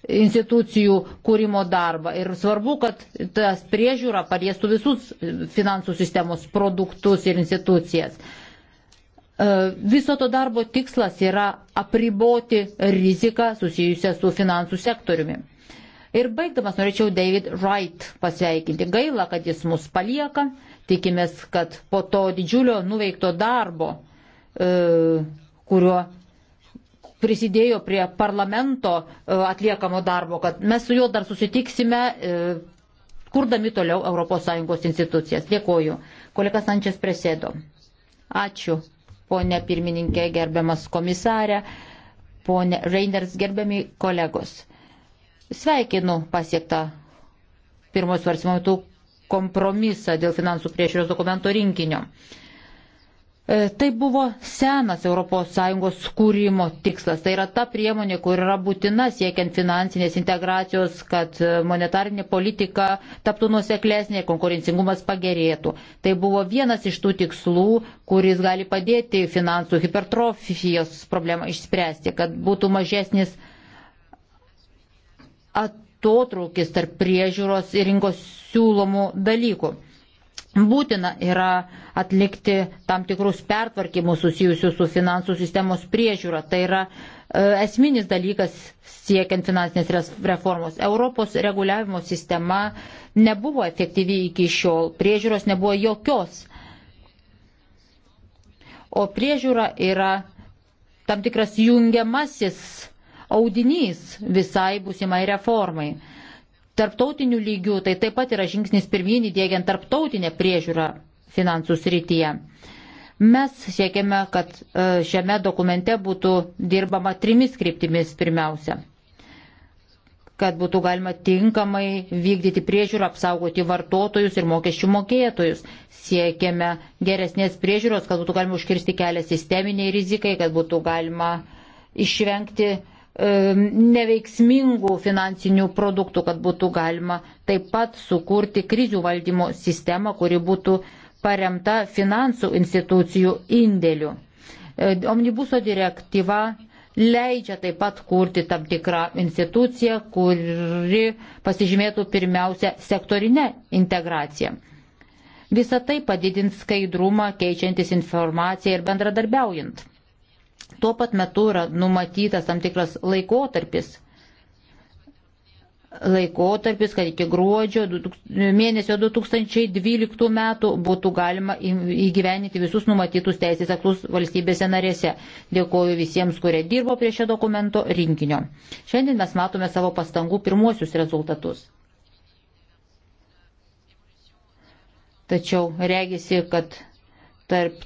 institucijų kūrimo darbą. Ir svarbu, kad tas priežiūra paliestų visus finansų sistemos produktus ir institucijas. E, viso to darbo tikslas yra apriboti riziką susijusią su finansų sektoriumi. Ir baigdamas norėčiau David Wright pasveikinti. Gaila, kad jis mus palieka. Tikimės, kad po to didžiulio nuveikto darbo, e, kuriuo prisidėjo prie parlamento e, atliekamo darbo, kad mes su juo dar susitiksime, e, kurdami toliau ES institucijas. Dėkoju. Kolega Sančias Presėdo. Ačiū, ponė pirmininkė, gerbiamas komisarė, ponė Reiners, gerbiami kolegos. Sveikinu pasiektą pirmojo svarstymo metu kompromisą dėl finansų priežiūros dokumento rinkinio. Uh, E, tai buvo senas ES kūrimo tikslas. Tai yra ta priemonė, kur yra būtina siekiant finansinės integracijos, kad monetarinė politika taptų nuseklesnė ir konkurencingumas pagerėtų. Tai buvo vienas iš tų tikslų, kuris gali padėti finansų hipertrofijos problemą išspręsti, kad būtų mažesnis atotrūkis tarp priežiūros ir rinkos siūlomų dalykų būtina yra atlikti tam tikrus pertvarkymus susijusius su finansų sistemos priežiūra. Tai yra e, esminis dalykas siekiant finansinės reformos. Europos reguliavimo sistema nebuvo efektyvi iki šiol, priežiūros nebuvo jokios. O priežiūra yra tam tikras jungiamasis audinys visai būsimai reformai tarptautiniu lygiu, tai taip pat yra žingsnis pirminį dėgiant tarptautinę priežiūrą finansų srityje. Mes siekiame, kad e, šiame dokumente būtų dirbama trimis kryptimis pirmiausia kad būtų galima tinkamai vykdyti priežiūrą, apsaugoti vartotojus ir mokesčių mokėtojus. Siekiame geresnės priežiūros, kad būtų galima užkirsti kelią sisteminiai rizikai, kad būtų galima išvengti uh, neveiksmingų finansinių produktų, kad būtų galima taip pat sukurti krizių valdymo sistemą, kuri būtų paremta finansų institucijų indėliu. E, omnibuso direktyva leidžia taip pat kurti tam tikrą instituciją, kuri pasižymėtų pirmiausia sektorinę integraciją. Visą tai padidins skaidrumą, keičiantis informaciją ir bendradarbiaujant. Tuo pat metu yra numatytas tam tikras laikotarpis. Laikotarpis, kad iki gruodžio mėnesio 2012 metų būtų galima įgyveninti visus numatytus teisės aktus valstybėse narėse. Dėkoju visiems, kurie dirbo prie šio dokumento rinkinio. Šiandien mes matome savo pastangų pirmuosius rezultatus. Tačiau regisi, kad tarp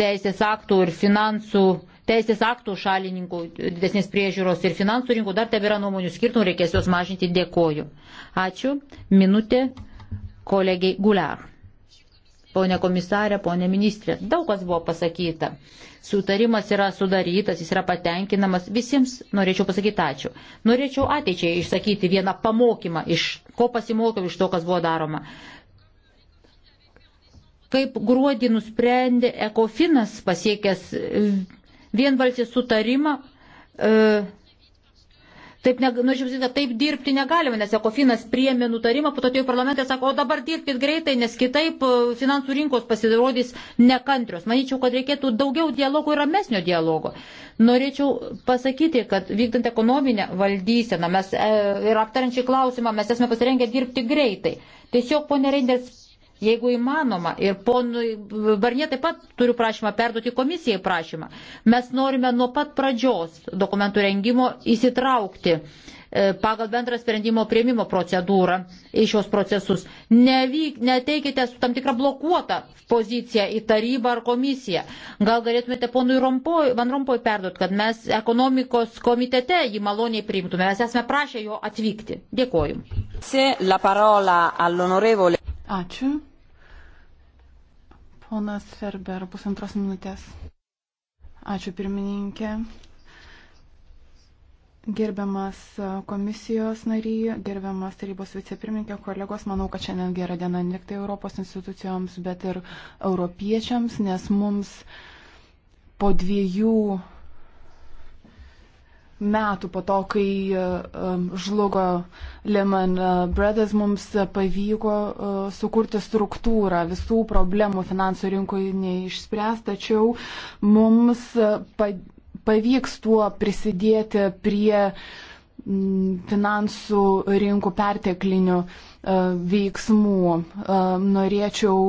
teisės aktų ir finansų, teisės aktų šalininkų, didesnės priežiūros ir finansų rinkų dar tebėra nuomonių skirtumų, reikės juos mažinti. Dėkoju. Ačiū. Minutė kolegiai Guliar. Pone komisarė, pone ministrė, daug kas buvo pasakyta. Sutarimas yra sudarytas, jis yra patenkinamas. Visiems norėčiau pasakyti ačiū. Norėčiau ateičiai išsakyti vieną pamokymą, iš ko pasimokiau iš to, kas buvo daroma. Kaip gruodį nusprendė Ekofinas pasiekęs e, vienbalsį sutarimą, e, Taip, ne, nu, žiūrėk, kad taip dirbti negalima, nes Ekofinas priėmė nutarimą, po to atėjo parlamentas, sako, o dabar dirbkit greitai, nes kitaip e, finansų rinkos pasirodys nekantrios. Manyčiau, kad reikėtų daugiau dialogo ir ramesnio dialogo. Norėčiau pasakyti, kad vykdant ekonominę valdyseną mes, e, ir aptarančią klausimą mes esame pasirengę dirbti greitai. Tiesiog, ponė Reinders, jeigu įmanoma. Ir ponui Barnie taip pat turiu prašymą perduoti komisijai prašymą. Mes norime nuo pat pradžios dokumentų rengimo įsitraukti e, pagal bendrą sprendimo prieimimo procedūrą į šios procesus. Nevyk, neteikite su tam tikra blokuota pozicija į tarybą ar komisiją. Gal galėtumėte ponui Rompoj, Van Rompoj perduoti, kad mes ekonomikos komitete jį maloniai priimtume. Mes esame prašę jo atvykti. Dėkoju. Ačiū. Ponas Ferber, pusantros minutės. Ačiū pirmininkė. Gerbiamas komisijos nariai, gerbiamas tarybos vicepirmininkė, kolegos, manau, kad šiandien gera diena ne tik tai Europos institucijoms, bet ir europiečiams, nes mums po dviejų metų po to, kai e, žlugo Lehman e, Brothers, mums pavyko e, sukurti struktūrą. Visų problemų finansų rinkoje neišspręs, tačiau mums pavyks tuo prisidėti prie finansų rinkų perteklinių veiksmų. Norėčiau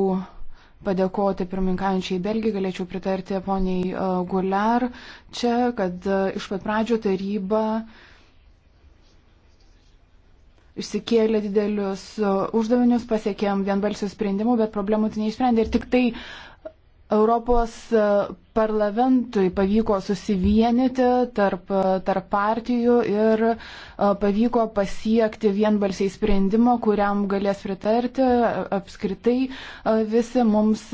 padėkoti pirmininkaujančiai Belgijai, galėčiau pritarti poniai e, Guler čia, kad e, iš pat pradžių taryba išsikėlė didelius e, uždavinius, pasiekėm vienbalsių sprendimų, bet problemų tai neišsprendė. Ir tik tai Europos e, parlamentui pavyko susivienyti tarp, e, tarp partijų ir e, pavyko pasiekti vienbalsiai sprendimo, kuriam galės pritarti apskritai visi mums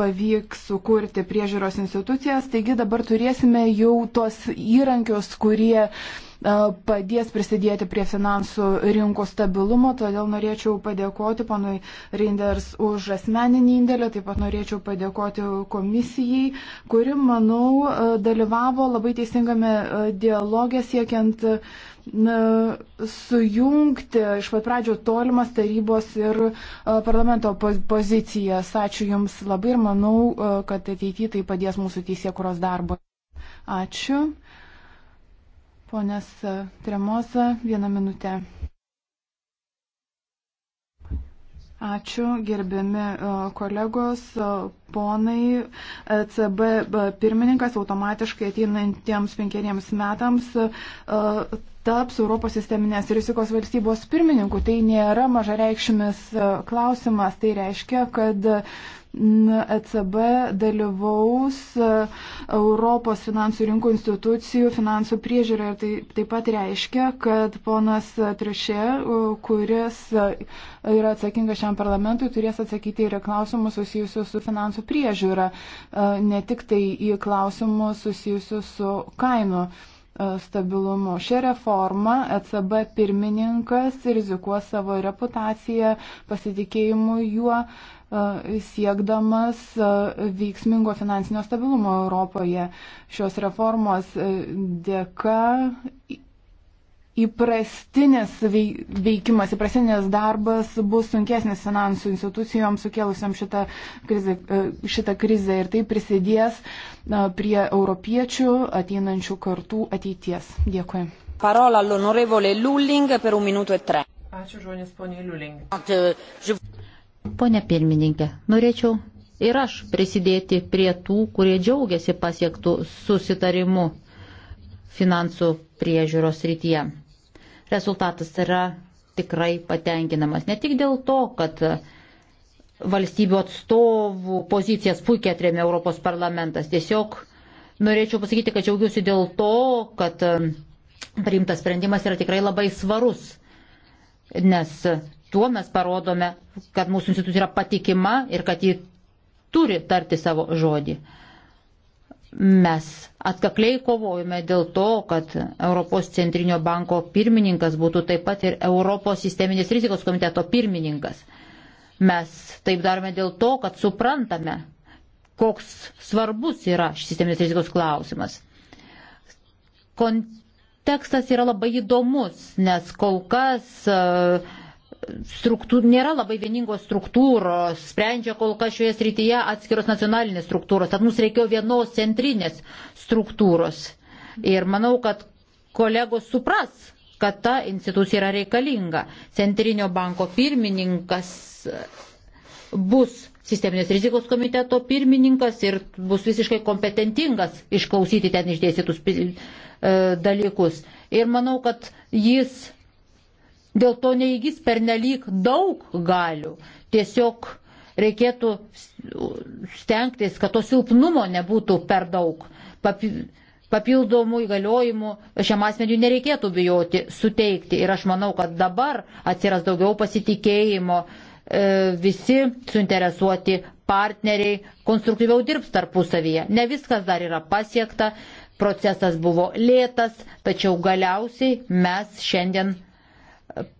pavyks sukurti priežiūros institucijas. Taigi dabar turėsime jau tos įrankius, kurie uh, padės prisidėti prie finansų rinkų stabilumo. Todėl norėčiau padėkoti panui Reinders už asmeninį indėlį, taip pat norėčiau padėkoti komisijai, kuri, manau, dalyvavo labai teisingame dialogė siekiant na, sujungti iš pat pradžio tolimas tarybos ir parlamento pozicijas. Ačiū Jums labai ir manau, kad ateityje tai padės mūsų teisėkuros darbo. Ačiū. Ponas Tremosa, vieną minutę. Ačiū, gerbiami e, kolegos, e, ponai. ECB e, pirmininkas automatiškai ateinantiems penkeriems metams taps Europos sisteminės rizikos valstybos pirmininku. Tai nėra mažareikšmis klausimas. Tai reiškia, kad ECB dalyvaus e, Europos finansų rinkų institucijų finansų priežiūroje. Tai taip pat reiškia, kad ponas Trišė, e, kuris e, yra atsakingas šiam parlamentui, turės atsakyti ir klausimus susijusius su finansų priežiūra, ne tik tai į klausimus susijusius su kainu stabilumu. Šią reformą ECB pirmininkas rizikuos savo reputaciją, pasitikėjimu juo siekdamas veiksmingo finansinio stabilumo Europoje. Šios reformos dėka įprastinis veikimas, įprastinis darbas bus sunkesnis finansų institucijoms sukėlusiam šitą krizę, šitą krizę ir tai prisidės prie europiečių ateinančių kartų ateities. Dėkui. Parola all'onorevole Lulling per un minuto e tre. Ačiū žodis poniai Liuling. Pone pirmininkė, norėčiau ir aš prisidėti prie tų, kurie džiaugiasi pasiektų susitarimu finansų priežiūros rytyje. Rezultatas yra tikrai patenkinamas. Ne tik dėl to, kad valstybių atstovų pozicijas puikiai atrėmė Europos parlamentas. Tiesiog norėčiau pasakyti, kad džiaugiuosi dėl to, kad um, priimtas sprendimas yra tikrai labai svarus, nes Tuo mes parodome, kad mūsų institucija yra patikima ir kad ji turi tarti savo žodį. Mes atkakliai kovojame dėl to, kad Europos centrinio banko pirmininkas būtų taip pat ir Europos sisteminės rizikos komiteto pirmininkas. Mes taip darome dėl to, kad suprantame, koks svarbus yra šis sisteminės rizikos klausimas. Kontekstas yra labai įdomus, nes kol kas uh, struktūr, nėra labai vieningos struktūros, sprendžia kol kas šioje srityje atskiros nacionalinės struktūros, tad mums reikėjo vienos centrinės struktūros. Ir manau, kad kolegos supras, kad ta institucija yra reikalinga. Centrinio banko pirmininkas bus sisteminės rizikos komiteto pirmininkas ir bus visiškai kompetentingas išklausyti ten išdėstytus e, dalykus. Ir manau, kad jis dėl to neįgys pernelyg daug galių. Tiesiog reikėtų stengtis, kad to silpnumo nebūtų per daug. Papildomų įgaliojimų šiam asmeniu nereikėtų bijoti suteikti. Ir aš manau, kad dabar atsiras daugiau pasitikėjimo. E, visi suinteresuoti partneriai konstruktyviau dirbs tarpusavyje. Ne viskas dar yra pasiekta, procesas buvo lėtas, tačiau galiausiai mes šiandien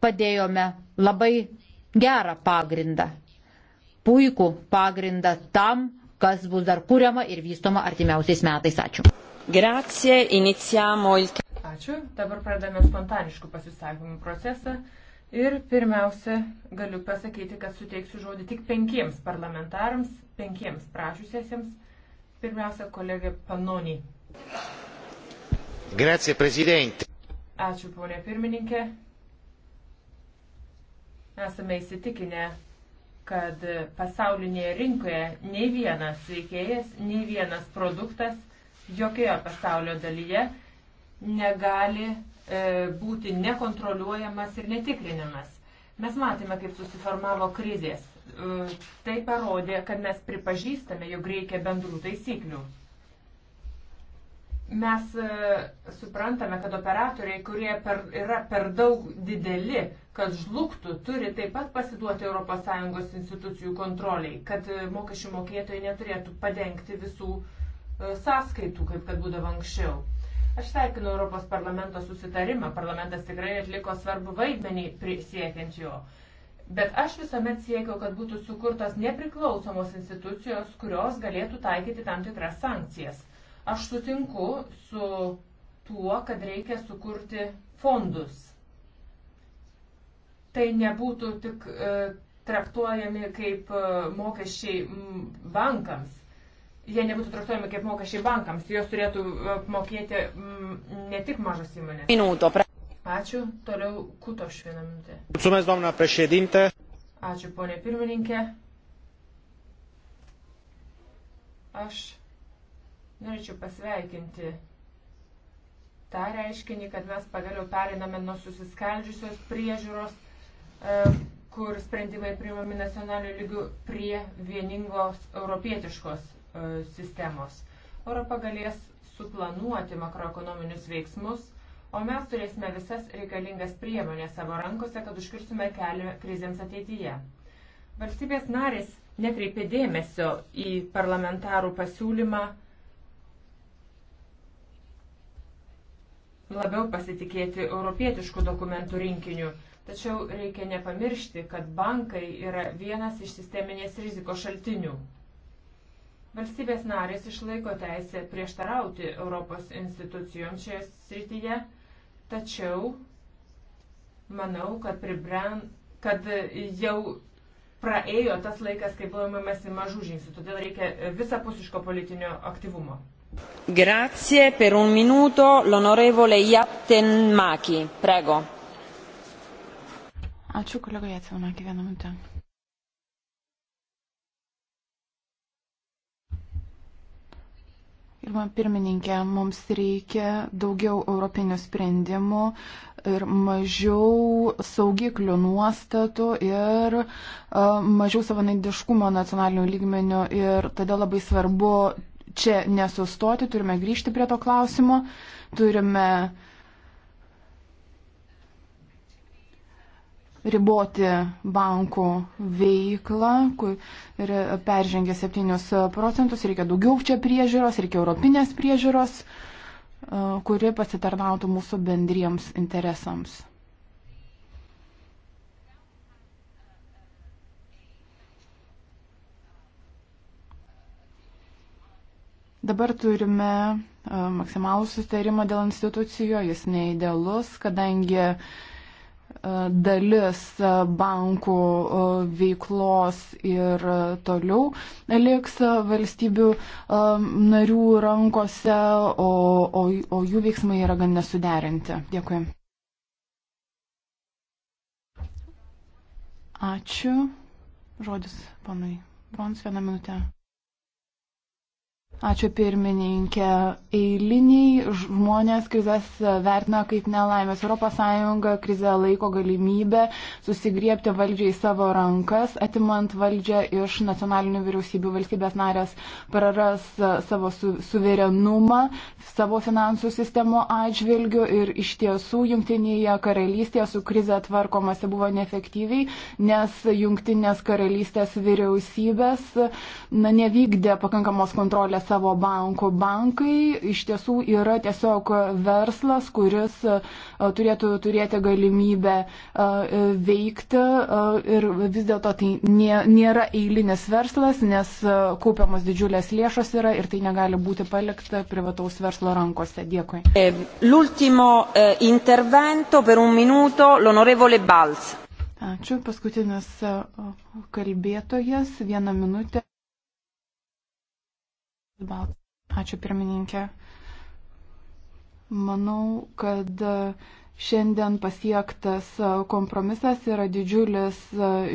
padėjome labai gerą pagrindą, puikų pagrindą tam, kas bus dar kuriama ir vystoma artimiausiais metais. Ačiū. Grazie, iniciamo il. Ačiū. Dabar pradame spontaniškų pasisakymų procesą. Ir pirmiausia, galiu pasakyti, kad suteiksiu žodį tik penkiems parlamentarams, penkiems prašusiesiems. Pirmiausia, kolegė Panoni. Grazie, prezidentė. Ačiū, ponė pirmininkė. Esame įsitikinę, kad pasaulinėje rinkoje nei vienas veikėjas, nei vienas produktas jokioje pasaulio dalyje negali e, būti nekontroliuojamas ir netikrinamas. Mes matėme, kaip susiformavo krizės. E, tai parodė, kad mes pripažįstame, jog reikia bendrų taisyklių mes e, suprantame, kad operatoriai, kurie per, yra per daug dideli, kad žlugtų, turi taip pat pasiduoti ES institucijų kontroliai, kad e, mokesčių mokėtojai neturėtų padengti visų e, sąskaitų, kaip kad būdavo anksčiau. Aš sveikinu Europos parlamento susitarimą. Parlamentas tikrai atliko svarbu vaidmenį siekiant jo. Bet aš visuomet siekiau, kad būtų sukurtos nepriklausomos institucijos, kurios galėtų taikyti tam tikras sankcijas Aš sutinku su tuo, kad reikia sukurti fondus. Tai nebūtų tik e, traktuojami kaip e, mokesčiai bankams. Jie nebūtų traktuojami kaip mokesčiai bankams. Jos turėtų apmokėti m, ne tik mažas įmonės. Minuto. Ačiū. Toliau Kutoš vieną minutę. Mulțumesc, doamna președinte. Ačiū, ponė pirmininkė. Aš Norėčiau pasveikinti tą reiškinį, kad mes pagaliau periname nuo susiskaldžiusios priežiūros, e, kur sprendimai priimami nacionaliniu lygiu, prie vieningos europietiškos e, sistemos. Europa galės suplanuoti makroekonominius veiksmus, o mes turėsime visas reikalingas priemonės savo rankose, kad užkirstume kelią krizėms ateityje. Valstybės narės nekreipė dėmesio į parlamentarų pasiūlymą labiau pasitikėti europietiškų dokumentų rinkiniu. Tačiau reikia nepamiršti, kad bankai yra vienas iš sisteminės rizikos šaltinių. Valstybės narės išlaiko teisę prieštarauti Europos institucijoms šioje srityje, tačiau manau, kad, pribren, kad jau praėjo tas laikas, kai buvo imamasi mažų žingsnių, todėl reikia visapusiško politinio aktyvumo. Grazie per un minuto l'onorevole Jattenmaki. Prego. Ačiū kolega Jatsenmaki vieną minutę. Ir man pirmininkė, mums reikia daugiau europinių sprendimų ir mažiau saugiklių nuostatų ir uh, mažiau savanaidiškumo nacionalinių lygmenių. Ir tada labai svarbu čia nesustoti, turime grįžti prie to klausimo, turime riboti bankų veiklą, kur peržengia 7 procentus, reikia daugiau čia priežiūros, reikia europinės priežiūros, e, kuri pasitarnautų mūsų bendriems interesams. Dabar turime e, maksimalų sustarimą dėl institucijų, jis neįdėlus, kadangi e, dalis e, bankų veiklos ir toliau liks valstybių narių rankose, o, o, o jų veiksmai yra gan nesuderinti. Dėkui. Ačiū. Žodis panui Brons vieną minutę. Ačiū pirmininkė. Eiliniai žmonės krizės vertina kaip nelaimės. ES krizę laiko galimybę susigriepti valdžiai savo rankas, atimant valdžią iš nacionalinių vyriausybių. Valstybės narės praras savo su, suverenumą, savo finansų sistemo atžvilgių ir iš tiesų jungtinėje karalystėje su krize tvarkomasi buvo neefektyviai, nes jungtinės karalystės vyriausybės na, nevykdė pakankamos kontrolės savo bankų. Bankai iš tiesų yra tiesiog verslas, kuris e, turėtų turėti galimybę e, veikti e, ir vis dėlto tai nėra eilinis verslas, nes kaupiamas didžiulės lėšos yra ir tai negali būti palikta privataus verslo rankose. Dėkui. L'ultimo intervento per un minuto l'onorevole Balz. Ačiū. Paskutinis kalbėtojas. Vieną minutę. Ačiū pirmininkė. Manau, kad šiandien pasiektas kompromisas yra didžiulis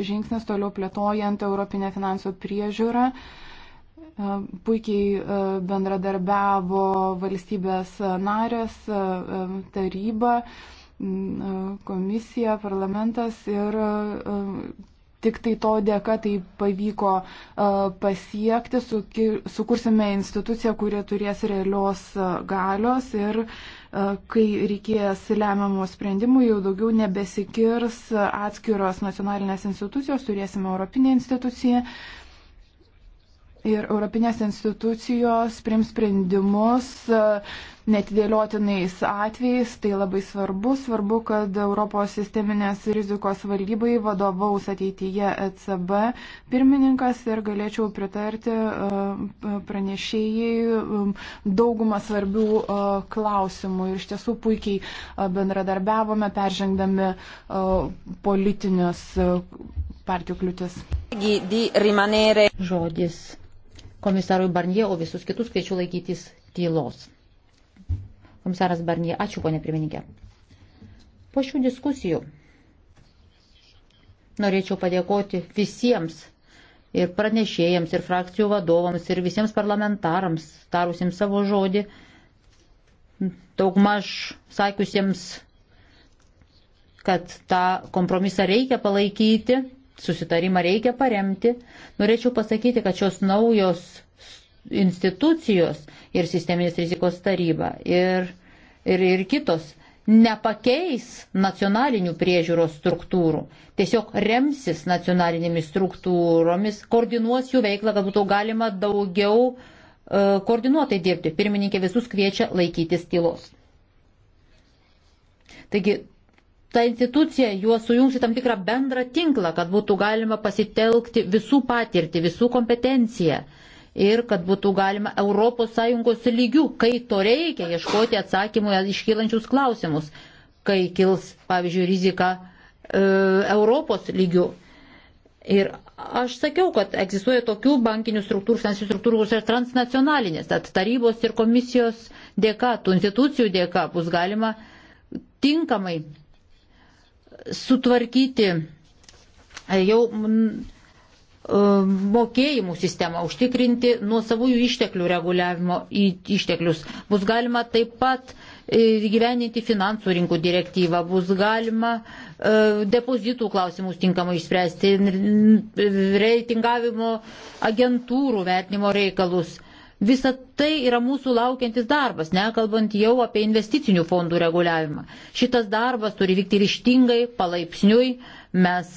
žingsnis toliau plėtojant Europinę finansų priežiūrą. Puikiai e, bendradarbiavo valstybės narės e, e, taryba, komisija, parlamentas ir Tik tai to dėka tai pavyko e, pasiekti, sukursime instituciją, kuri turės realios e, galios ir e, kai reikės lemiamų sprendimų, jau daugiau nebesikirs atskiros nacionalinės institucijos, turėsime Europinę instituciją. Ir Europinės institucijos prims sprendimus netidėliotinais atvejais. Tai labai svarbu. Svarbu, kad Europos sisteminės rizikos valdybai vadovaus ateityje ECB pirmininkas ir galėčiau pritarti e, pranešėjai e, daugumą svarbių e, klausimų. Ir iš tiesų puikiai bendradarbiavome, peržengdami politinius partijų kliūtis. Žodis komisarui Barnie, o visus kitus kviečiu laikytis tylos. Komisaras Barnie, ačiū ponė pirmininkė. Po šių diskusijų norėčiau padėkoti visiems ir pranešėjams, ir frakcijų vadovams, ir visiems parlamentarams, tarusiems savo žodį, daugmaž sakiusiems, kad tą kompromisą reikia palaikyti, susitarimą reikia paremti. Norėčiau pasakyti, kad šios naujos institucijos ir sisteminės rizikos taryba ir, ir, ir kitos nepakeis nacionalinių priežiūros struktūrų, tiesiog remsis nacionalinėmis struktūromis, koordinuos jų veiklą, kad būtų galima daugiau e, koordinuotai dirbti. Pirmininkė visus kviečia laikytis tylos. Taigi ta institucija juos sujungs į tam tikrą bendrą tinklą, kad būtų galima pasitelkti visų patirtį, visų kompetenciją. E, ir kad būtų galima ES lygių, kai to reikia, ieškoti atsakymų iškylančius klausimus, kai kils, pavyzdžiui, rizika e, Europos lygių. Ir aš sakiau, kad egzistuoja tokių bankinių struktūrų, finansinių struktūrų, kurios yra transnacionalinės, tad tarybos ir komisijos dėka, tų institucijų dėka bus galima tinkamai sutvarkyti e, jau E, mokėjimų sistemą, užtikrinti nuo savųjų išteklių reguliavimo išteklius. Bus galima taip pat e, gyveninti finansų rinkų direktyvą, bus galima e, depozitų klausimus tinkamai išspręsti, reitingavimo agentūrų vertinimo reikalus. Visa tai yra mūsų laukiantis darbas, nekalbant jau apie investicinių fondų reguliavimą. Šitas darbas turi vykti ryštingai, palaipsniui. Mes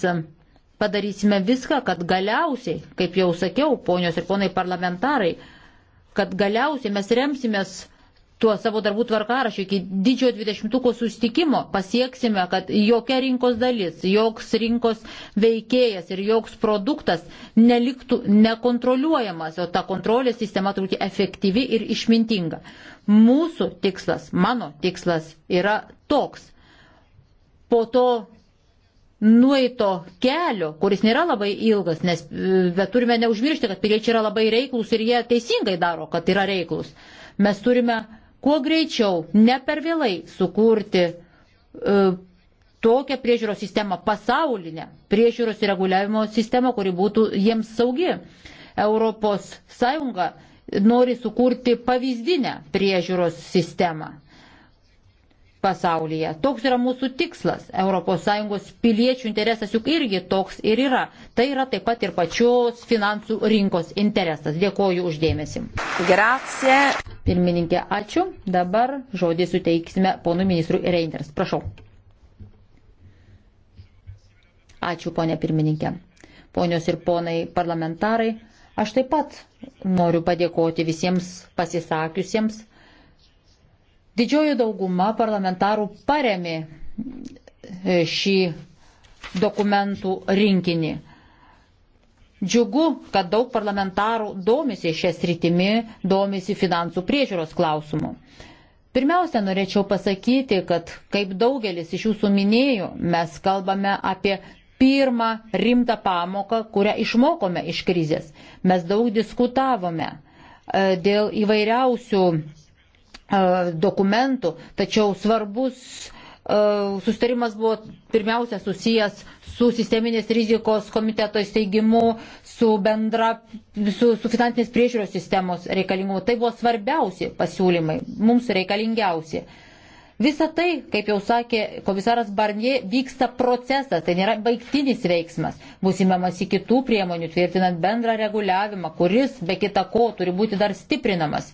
padarysime viską, kad galiausiai, kaip jau sakiau, ponios ir ponai parlamentarai, kad galiausiai mes remsimės tuo savo darbų tvarkarašiu iki didžiojo dvidešimtuko sustikimo pasieksime, kad jokia rinkos dalis, joks rinkos veikėjas ir joks produktas neliktų nekontroliuojamas, o ta kontrolės sistema turi būti efektyvi ir išmintinga. Mūsų tikslas, mano tikslas yra toks. Po to nueito kelio, kuris nėra labai ilgas, nes e, bet turime neužmiršti, kad piliečiai yra labai reiklus ir jie teisingai daro, kad yra reiklus. Mes turime kuo greičiau, ne per vėlai sukurti e, tokią priežiūros sistemą, pasaulinę priežiūros ir reguliavimo sistemą, kuri būtų jiems saugi. Europos Sąjunga nori sukurti pavyzdinę priežiūros sistemą pasaulyje. Toks yra mūsų tikslas. ES piliečių interesas juk irgi toks ir yra. Tai yra taip pat ir pačios finansų rinkos interesas. Dėkoju uždėmesi. Grazie. Pirmininkė, ačiū. Dabar žodį suteiksime ponui ministrui Reinders. Prašau. Ačiū, ponė pirmininkė. Ponios ir ponai parlamentarai, aš taip pat noriu padėkoti visiems pasisakiusiems Didžioji dauguma parlamentarų paremė e, šį dokumentų rinkinį. Džiugu, kad daug parlamentarų domisi šią sritimį, domisi finansų priežiūros klausimų. Pirmiausia, norėčiau pasakyti, kad kaip daugelis iš jūsų minėjų, mes kalbame apie pirmą rimtą pamoką, kurią išmokome iš krizės. Mes daug diskutavome e, dėl įvairiausių E, dokumentų, tačiau svarbus e, sustarimas buvo pirmiausia susijęs su sisteminės rizikos komiteto įsteigimu, su, bendra, su, su finansinės priežiūros sistemos reikalingumu. Tai buvo svarbiausi pasiūlymai, mums reikalingiausi. Visa tai, kaip jau sakė komisaras Barnie, vyksta procesas, tai nėra baigtinis veiksmas. Bus įmamas į kitų priemonių, tvirtinant bendrą reguliavimą, kuris be kita ko turi būti dar stiprinamas.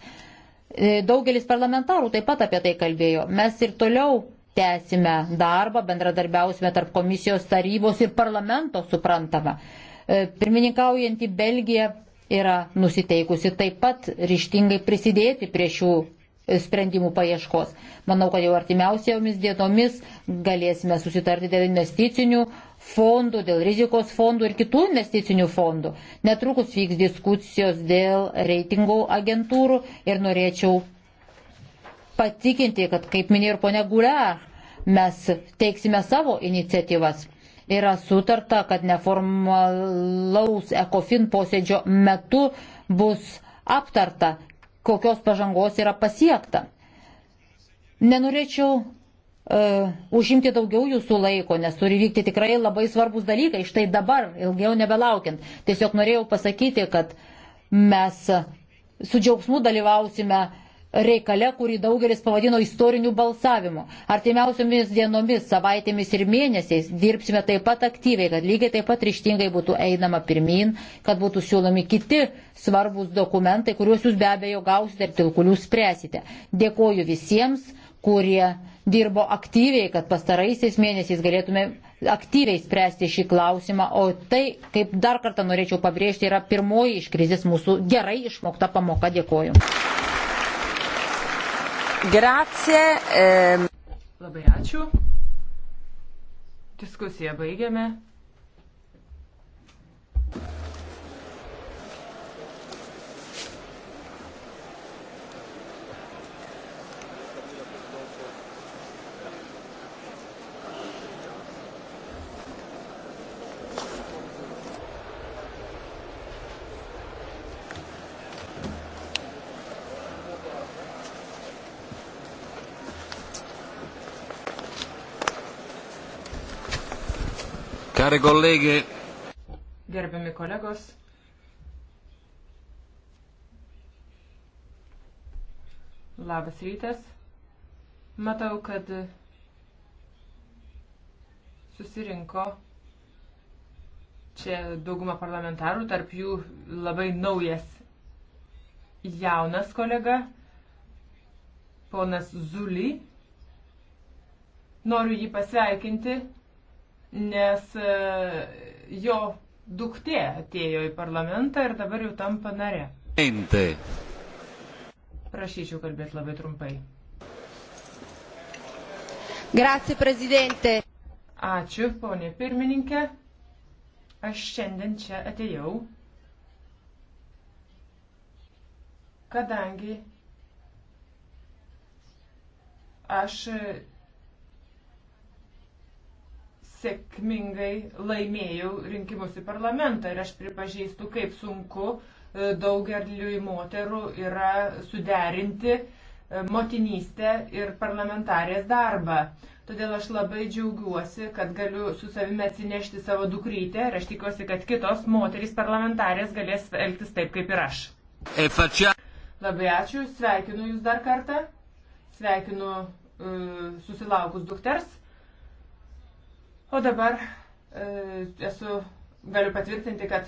E, daugelis parlamentarų taip pat apie tai kalbėjo. Mes ir toliau tęsime darbą, bendradarbiausime tarp komisijos tarybos ir parlamento suprantama. E, Pirmininkaujantį Belgiją yra nusiteikusi taip pat ryštingai prisidėti prie šių e, sprendimų paieškos. Manau, kad jau artimiausiomis dienomis galėsime susitarti dėl investicinių fondų, dėl rizikos fondų ir kitų investicinių fondų. Netrukus vyks diskusijos dėl reitingų agentūrų ir norėčiau patikinti, kad, kaip minėjo ir ponia Gulia, mes teiksime savo iniciatyvas. Yra sutarta, kad neformalaus ECOFIN posėdžio metu bus aptarta, kokios pažangos yra pasiekta. Nenorėčiau uh, užimti daugiau jūsų laiko, nes turi vykti tikrai labai svarbus dalykai, štai dabar, ilgiau nebelaukiant. Tiesiog norėjau pasakyti, kad mes su džiaugsmu dalyvausime reikale, kurį daugelis pavadino istoriniu balsavimu. Artimiausiomis dienomis, savaitėmis ir mėnesiais dirbsime taip pat aktyviai, kad lygiai taip pat ryštingai būtų einama pirmin, kad būtų siūlomi kiti svarbus dokumentai, kuriuos jūs be abejo gausite ir dėl kurių spręsite. Dėkoju visiems, kurie dirbo aktyviai, kad pastaraisiais mėnesiais galėtume aktyviai spręsti šį klausimą, o tai, kaip dar kartą norėčiau pabrėžti, yra pirmoji iš krizės mūsų gerai išmokta pamoka. Dėkoju. Grazie. Ehm. Labai ačiū. Diskusiją baigiame. Care kolegė. Gerbiami kolegos. Labas rytas. Matau, kad susirinko čia dauguma parlamentarų, tarp jų labai naujas jaunas kolega, ponas Zuly. Noriu jį pasveikinti nes e, jo duktė atėjo į parlamentą ir dabar jau tampa nare. Prašyčiau kalbėti labai trumpai. Grazie, prezidente. Ačiū, ponė pirmininkė. Aš šiandien čia atėjau, kadangi aš sėkmingai laimėjau rinkimus į parlamentą ir aš pripažįstu, kaip sunku e, daugeliui moterų yra suderinti e, motinystę ir parlamentarės darbą. Todėl aš labai džiaugiuosi, kad galiu su savimi atsinešti savo dukrytę ir aš tikiuosi, kad kitos moterys parlamentarės galės elgtis taip kaip ir aš. Labai ačiū, sveikinu Jūs dar kartą, sveikinu uh, susilaukus dukters. O dabar e, esu, galiu patvirtinti, kad